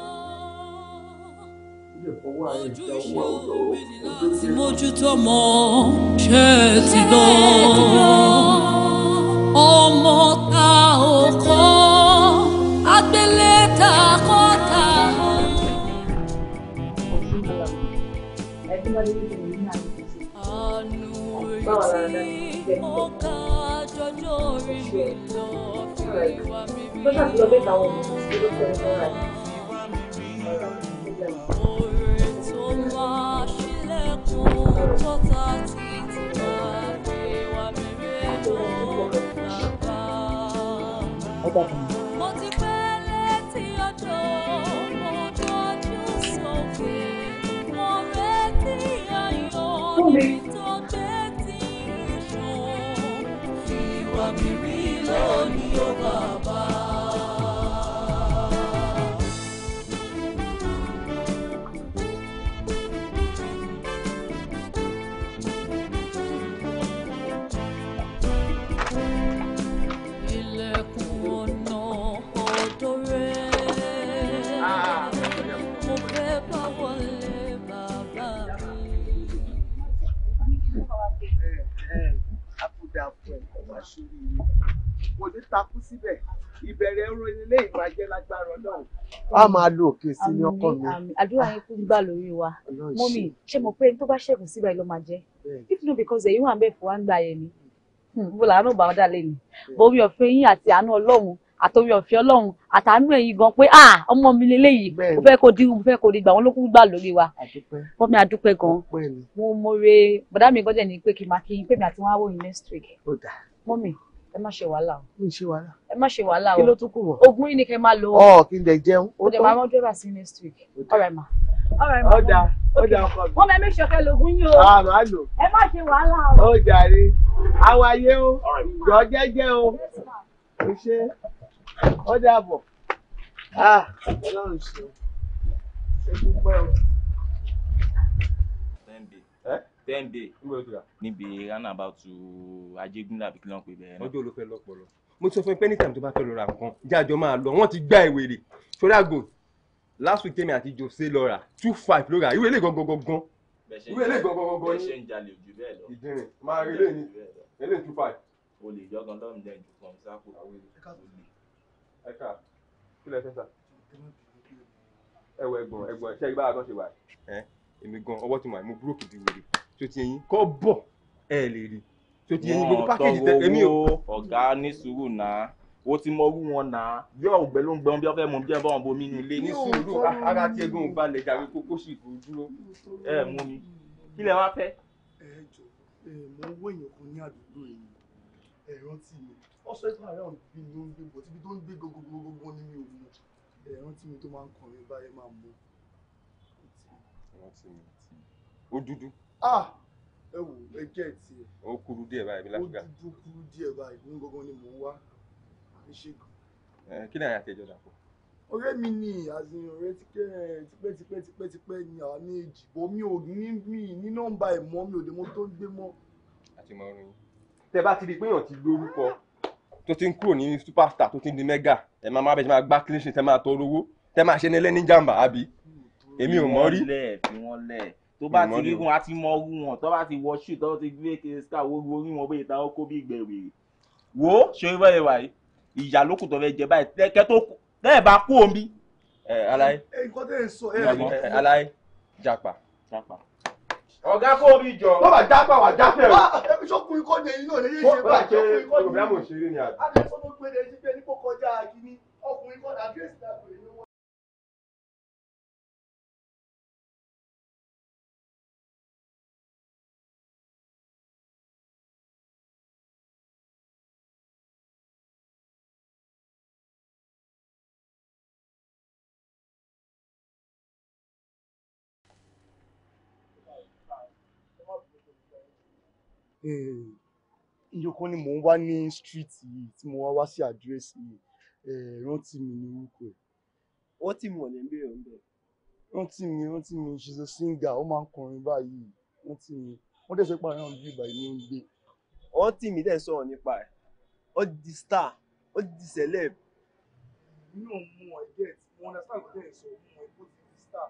ojú iṣẹ́ láti mójútó mọ́ ṣe ti lọ ọmọ ta ò kọ́ agbélé ta àánú retí ó ká jọjọ́ mi lọ fi wá mímí. Ìwà mi rí lónìí ó bá a. ṣòro ni kò ní takú síbẹ̀ ìbẹ̀rẹ̀ oró ilé ìbàjẹ́ lágbára ọlọ́run. a máa lo òkè sí ní ọkọ mi. àdúrà yín kún gbà lórí wa mọ́mì ṣé mo pé tó bá ṣẹ̀kùn síbẹ̀ ló máa jẹ́ if no because ẹ̀yin wà ń bẹ̀ fún wa ń gbà yẹn ni hmm, mo làánú bá wọn dà lẹ́nu bómi ọ̀fẹ́ yín àti àánú ọlọ́run àtòrí ọ̀fẹ́ ọlọ́run àtàánú ẹ̀yin gan pé ah ọmọ mi leléyìí mo fẹ́ kó di mo fẹ́ kó di gbà wọ́n ló kún gbà lórí wa fọ́mi adúpẹ́ gan mo mọ̀re bọ̀dá mi gbọ́dọ̀ ní pé kí n máa kí n pè mí àti wọn á wò yín next week mọ́mì ẹ má ṣe wàhálà o. mi ṣe wàhálà. ẹ má ṣe wàhálà o. kí ló tún kù wọ. oògùn yìí ni kẹ máa lo. ọ kí n dẹ jẹun. o dẹ máa rán dírẹ́bà sí next week. ọ̀rẹ́ ma ọ̀rẹ́ ma. ọjà ọjà ọkọ mi. wọ́n bẹ mí ṣọkẹ́ lógún yín o. Ah, a máa lò. ẹ má ṣe wàhálà o. ó jàre àwa yé o jọ jẹ́jẹ́ o kò ṣe ọjà bọ̀ ah, Ọlọ́run ṣe é dúpẹ́ o ten day níbi roundabout ajégúnlẹ̀ àbí kí ló bẹ́ẹ̀ náà. ọjọ́ olùfẹ́ lọ́pọ̀lọ́ mo ti sọ fún ẹ pé tó bá fẹ́ lọ ra nǹkan jájọ máa lọ wọ́n ti gbá ìwèrè sórí àgò last week tèmi àti jose lọ rà two five ló rà ìwé ilé gangan ìwé ilé gangan ni ìdírin máa rí ilé ní ilé two five. olè jọgàn lọ́rùn dẹ́n ju fún sáfù. ẹ̀ka kí lẹ fẹ́ sà ẹ̀wọ̀ ẹ̀gbọ̀n ẹ̀gbọ̀n ṣẹ́ ibà kan ṣe wà. èmi gan ọwọ́ ti mọ̀ àìmú búrókì ti wèrè tó ti yín kọ́ bọ̀ ẹ̀ lè rí tó ti yín gbogbo pákéjì tẹ èmi ò. ọ̀gá ní sùúrù náà o ti mọ orú wọn náà bí ọgbẹ ló ń gbẹ wọn bí ọfẹ mọ bí ọba wọn bomi nílé ní sùúrù ara tí egun balẹ̀ jàre kókó sì kò dúró ẹ mú mi kí lẹ wá fẹ́. ẹ jọ ẹ mọ owó èèyàn kan ní àdúgbò yìí ẹ rántí mi ọsọ ìtàn àárẹ ọ̀hún bí ni ó ń gbé bọ síbi tó ń gbé gogogogogo ní mi ò mọ ẹ rántí mi tó máa ń kọrin báyẹn máa mú. ó dúdú ah ẹ wò ẹ jẹ́ ti ẹ̀. ó kúrú díẹ̀ báyìí láfíà. ó dúdú kúrú díẹ̀ báyìí ní gbọ́ngàn ni mò ń wá ìṣègùn. kí ni àyàtẹ̀ ìjọba kọ? ọ̀rẹ́ mi ni àzìn ọ̀rẹ́ tipẹ́tipẹ́tipẹ́tipẹ́ ni àwa méjì bọ́ mi ò ní mi ní nọ́mbà ẹ̀ mọ́ mi ò lè mọ tó ń gbé mọ́. àti mọ orin. tẹ bá ti di pé èèyàn ti lórúkọ tó ti ń kúrò ní superstar tó ti ń di mega ẹ máa máa bẹ ṣe máa gbá clean sheet ẹ máa tọrọ owó tẹ máa ṣe ní ẹlẹ́ni jàǹbá àbí èmi ò mọ̀ rí. fi wọ́n lẹ̀ fi wọ́n lẹ̀ tó bá ti rí wọn a ti mọ orú wọn tó bá ti wọ ṣù tó ti gbé kìrìsìtà wọ́n orí wọn bóyá táwọn kó bí ìgbẹ̀wé wo ṣé wọ́n bẹ̀rẹ̀ wáyé ìyá lókùn tó fẹ́ jẹ báyìí tẹ́kẹ́ tó tẹ́ẹ̀ bá kú omi. ẹ aláyé aláyé japa japa ọ̀gá kó omi jọ. wọ́n bá jápa wà jáfẹ́ o. ẹbí sọ́kùnrin kọ́ de inú òní yé ṣe bá sọ́kùnrin kọ́ de. bóyá mo ṣe rí ni àná. adé sọ́kùnrin pé ẹni pé ní kò kọjá kínní ọkùnrin kọ́ de àdírẹ́sì náà pè é. Eh. ìyókò ni mò ń wá ní street yìí tí mo wá wá sí àdírẹ́sì yìí eh, rántí mi ní orúkọ ẹ̀. rántí mi ò lè béèrè oúnjẹ. rántí mi rántí mi she's a singer ó máa ń kọrin báyìí rántí mi wọ́n dẹ̀ sọ pé àwọn ọ̀dọ́ ìgbà yìí ló ń gbé. rántí mi dẹ̀ sọ̀rọ̀ nípa ẹ̀ ó di star ó di celeb. inú mú ọ ẹgbẹ́ tí mo understand kò tẹ̀ sọ mú star.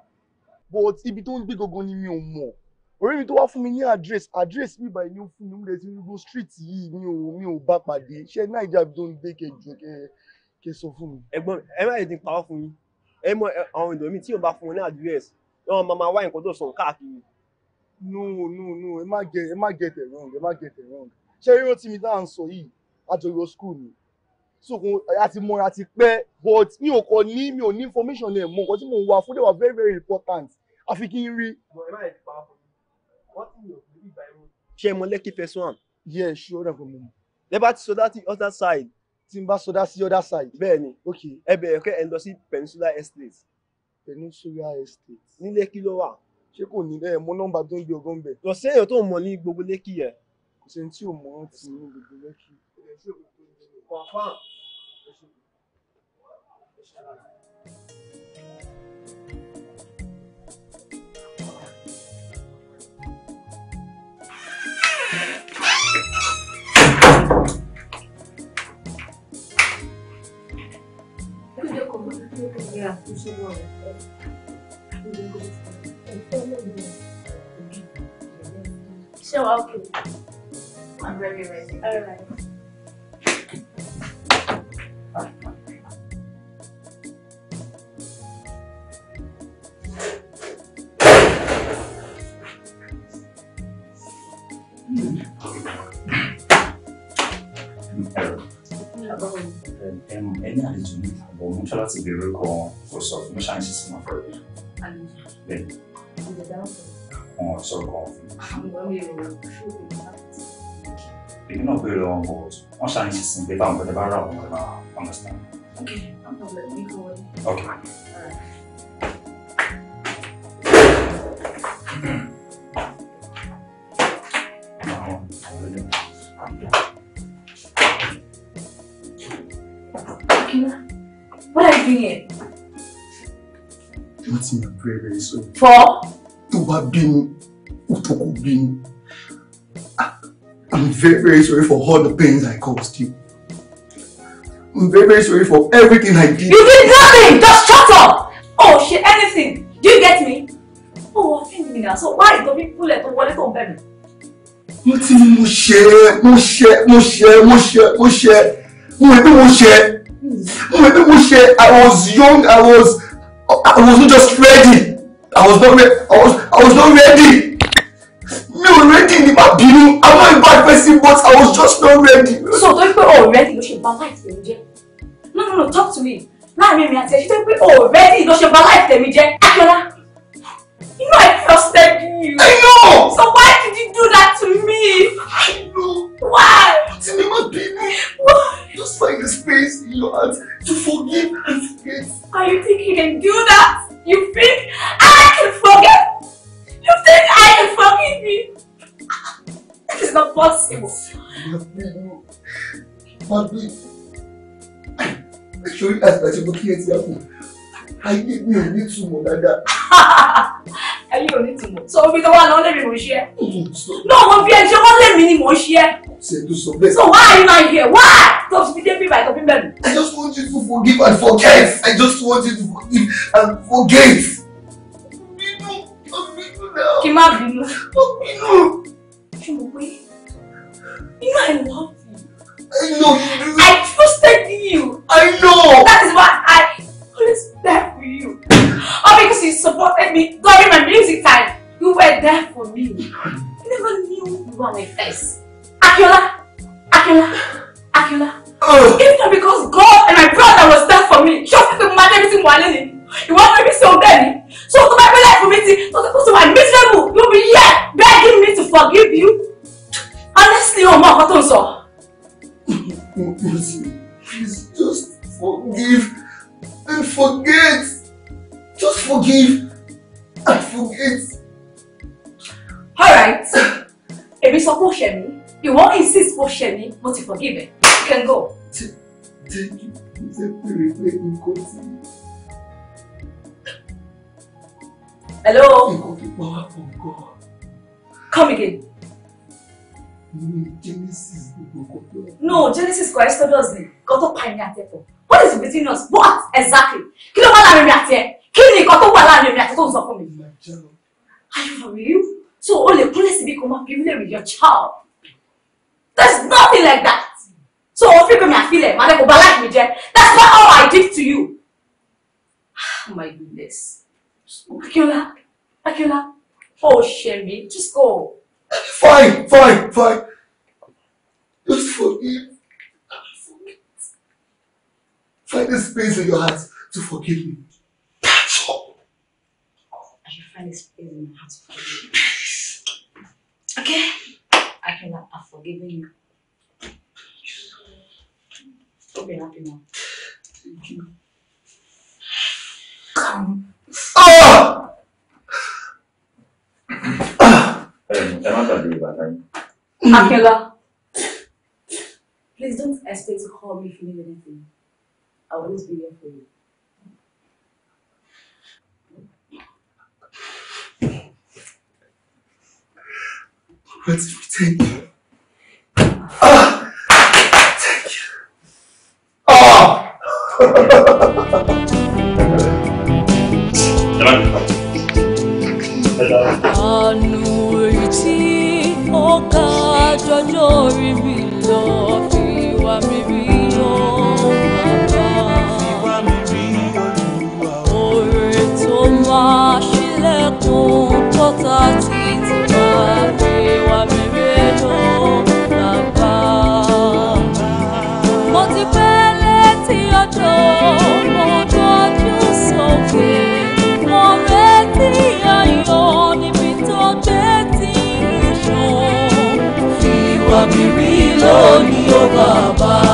but ibi tó ń gbé gangan ni mi orí mi tó wá fún mi ní address address mi báyìí ni ó fún mi mo lè gbogbo street yìí mi ò mi ò bá pàdé ṣé naija tó ń gbé kẹjọ kẹ kẹ sọ fún mi. ẹ̀gbọ́n ẹ má ètò ìpawọ́ fún yín ẹ mọ àwọn ìdòwí tí yóò bá fún wọn ní address wọn máa máa wá nǹkan tó sọ̀rọ̀ káàkiri. no no no ẹ má get ẹ má get it wrong ẹ má get it wrong ṣé eré tí mi tá à ń sọ yìí àjọyọ̀ school ni sókun àti mọra ti pẹ́ but mi ò kọ ní mi ò ní information ẹ mọ nǹkan tí mò ń wá very very important àfi kí n rí. fún ṣé ẹ mọ lẹ́kì first one. yẹ ẹ ṣú ọ̀dà kan mọ̀ mọ̀. lẹ́bà ti sọdá sí other side. tí n bá sọdá sí other side. bẹ́ẹ̀ni ok ẹ bẹ̀rẹ̀ kẹ́ ẹ lọ sí Peninsula Estate. Peninsula Estate. ní lẹ́kì ló wà. ṣé kò ní ẹ mọ nọ́mbà tó ń gbé ọgọ́ ń bẹ̀. lọ sí tó mọ ní gbogbo lẹ́kì yẹn. kò sẹ́ni tí ò mọ̀ ọ́n ti ní gbogbo lẹ́kì. kọ̀ọ̀fà. como ya seguro show out I'm ready, ready all right ẹ̀yin àlejò mi àbọ̀ mo tọ́ láti bèrè orúkọ wọn kò sọ fún mi ṣáà ṣe sí wọn fẹ́rẹ̀. bẹ́ẹ̀ wọn sọ kan èmi náà bèrè wọn bọ̀ wọ́n ṣáà ṣe sí pé báwọn kọ́tẹ́ bá rà wọn kọ́tẹ́ bá understand. okay no go. okay. láti máa bẹ̀rẹ̀ bẹ̀rẹ̀ sọ. fọ́. tó bá bínú ó tó kó ah, I'm very, very sorry for all the pains I caused you. I'm very, very sorry for everything I did. You did nothing! Just shut up! Oh, she anything. Do you get me? Oh, I think me now. So why don't you pull it or wallet on baby? Mo ti ní mo ṣe, mo ṣe, mo ṣe, mo ṣe, mo ṣe, mo ẹgbẹ́ mo ṣe, hmm. mo ṣe, I was young, I was I wasn't just ready. I was not ready. I was, I was not ready. Mi ò ready ni má bínú. I'm not a bad person but I was just not ready. So tó ń pẹ́ already ló ṣe ba life tèmi jẹ́. No no no talk to me. Láàárín mi àti ẹ̀ ṣe tó ń pẹ́ already ló ṣe ba life tèmi jẹ́. Akíọ́lá. You know I trusted you. I know. So why did you do that to me? I know. Why? Cinema baby. Why? Just find the space in your heart to forgive and forget. Are you think you can do that? You think I can forget? You think I can forgive you? It is not possible. But baby, I show you as much as looking at your phone ayé mi ò ní túmọ̀ dáadáa. ayé ò ní túmọ̀ sọ omi tó wà náà lèmi mò ń ṣe é. náà mo fi ẹjọ́ wọ́n lèmi ni mò ń ṣe é. ṣe tó sọ bẹ́ẹ̀. so why are you not here why tó fi fi débi ìbàdàn fún bẹ́ẹ̀ mi. I just want you to forgive and forget I just want you to forgive and forget. bínú bínú náà. kí n má bínú. ṣé mo pé inú àìlọ́ I know you do. I trusted you. I know. That is why I always left you. All because you supported me during my music time. You were there for me. You never knew you were my face. Akula, Akula, Akula. Oh. If not because God and my brother was there for me, just to man everything wà lẹ́nu. You want me so bad? So to my life for me, to the person I'm miserable, you'll be here begging me to forgive you. Honestly, ọmọ ọkọ tó ń please just forgive and forget. Just forgive and forget. Alright. Èmi sọ pé ó ṣẹ̀ mí. Ìwọ insist for ó ṣẹ̀ you forgive it, You can go. Thank you. pèrè pé Hello. Nǹkan tó pa wá pọ̀ gan. Come again. Genesis No, Genesis kò Exodus ni. Kò What is between us? What exactly? Kí ló wá láàrin mi àti ẹ̀? kí ni nǹkan tó wà láàrin mi àti tó ń sọ fún mi. are you for so o lè kúnlẹ̀ síbi kó máa fi lè rí your child there nothing like that so o fi gbẹmí àfilẹ̀ màá lẹ́kọ̀ọ́ bá láì mi jẹ́ that's not all I did to you. Ah, my goodness Akiola Akiola oh Shemi just go. fine fine fine just forgive find a space in your heart to forgive me finest place in my heart to forgive you. Okay? I cannot have forgiven you. Don't happy now. Come. Oh! ẹ má gbàgbé bàtà yín. Akela, please don't expect to call me if you need anything. I'll always be there for you. Let me thank you. Ah! Thank you. Ah! mi lónìí ó bàbá.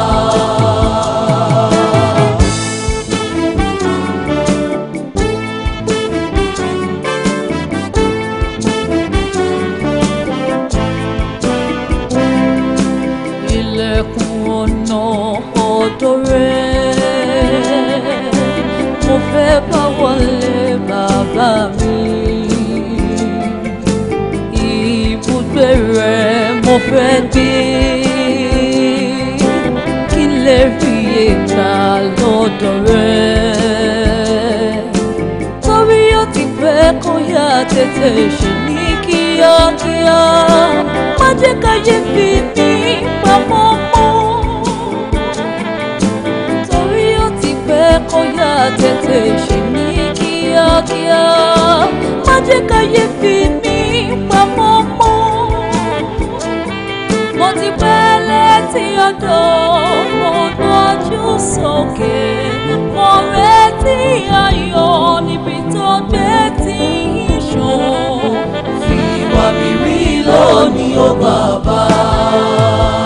tètè ṣì ní kíákíá má jẹ́ káyé fi mí pamọ́ mọ́ torí ó ti pẹ́ kọ́yà tètè ṣì ní kíákíá má jẹ́ káyé fi mí pamọ́ mọ́ mo ti pẹ́ létí ọ̀dọ̀ ṣan. Fi wá mi rí lónìí ó bàbá.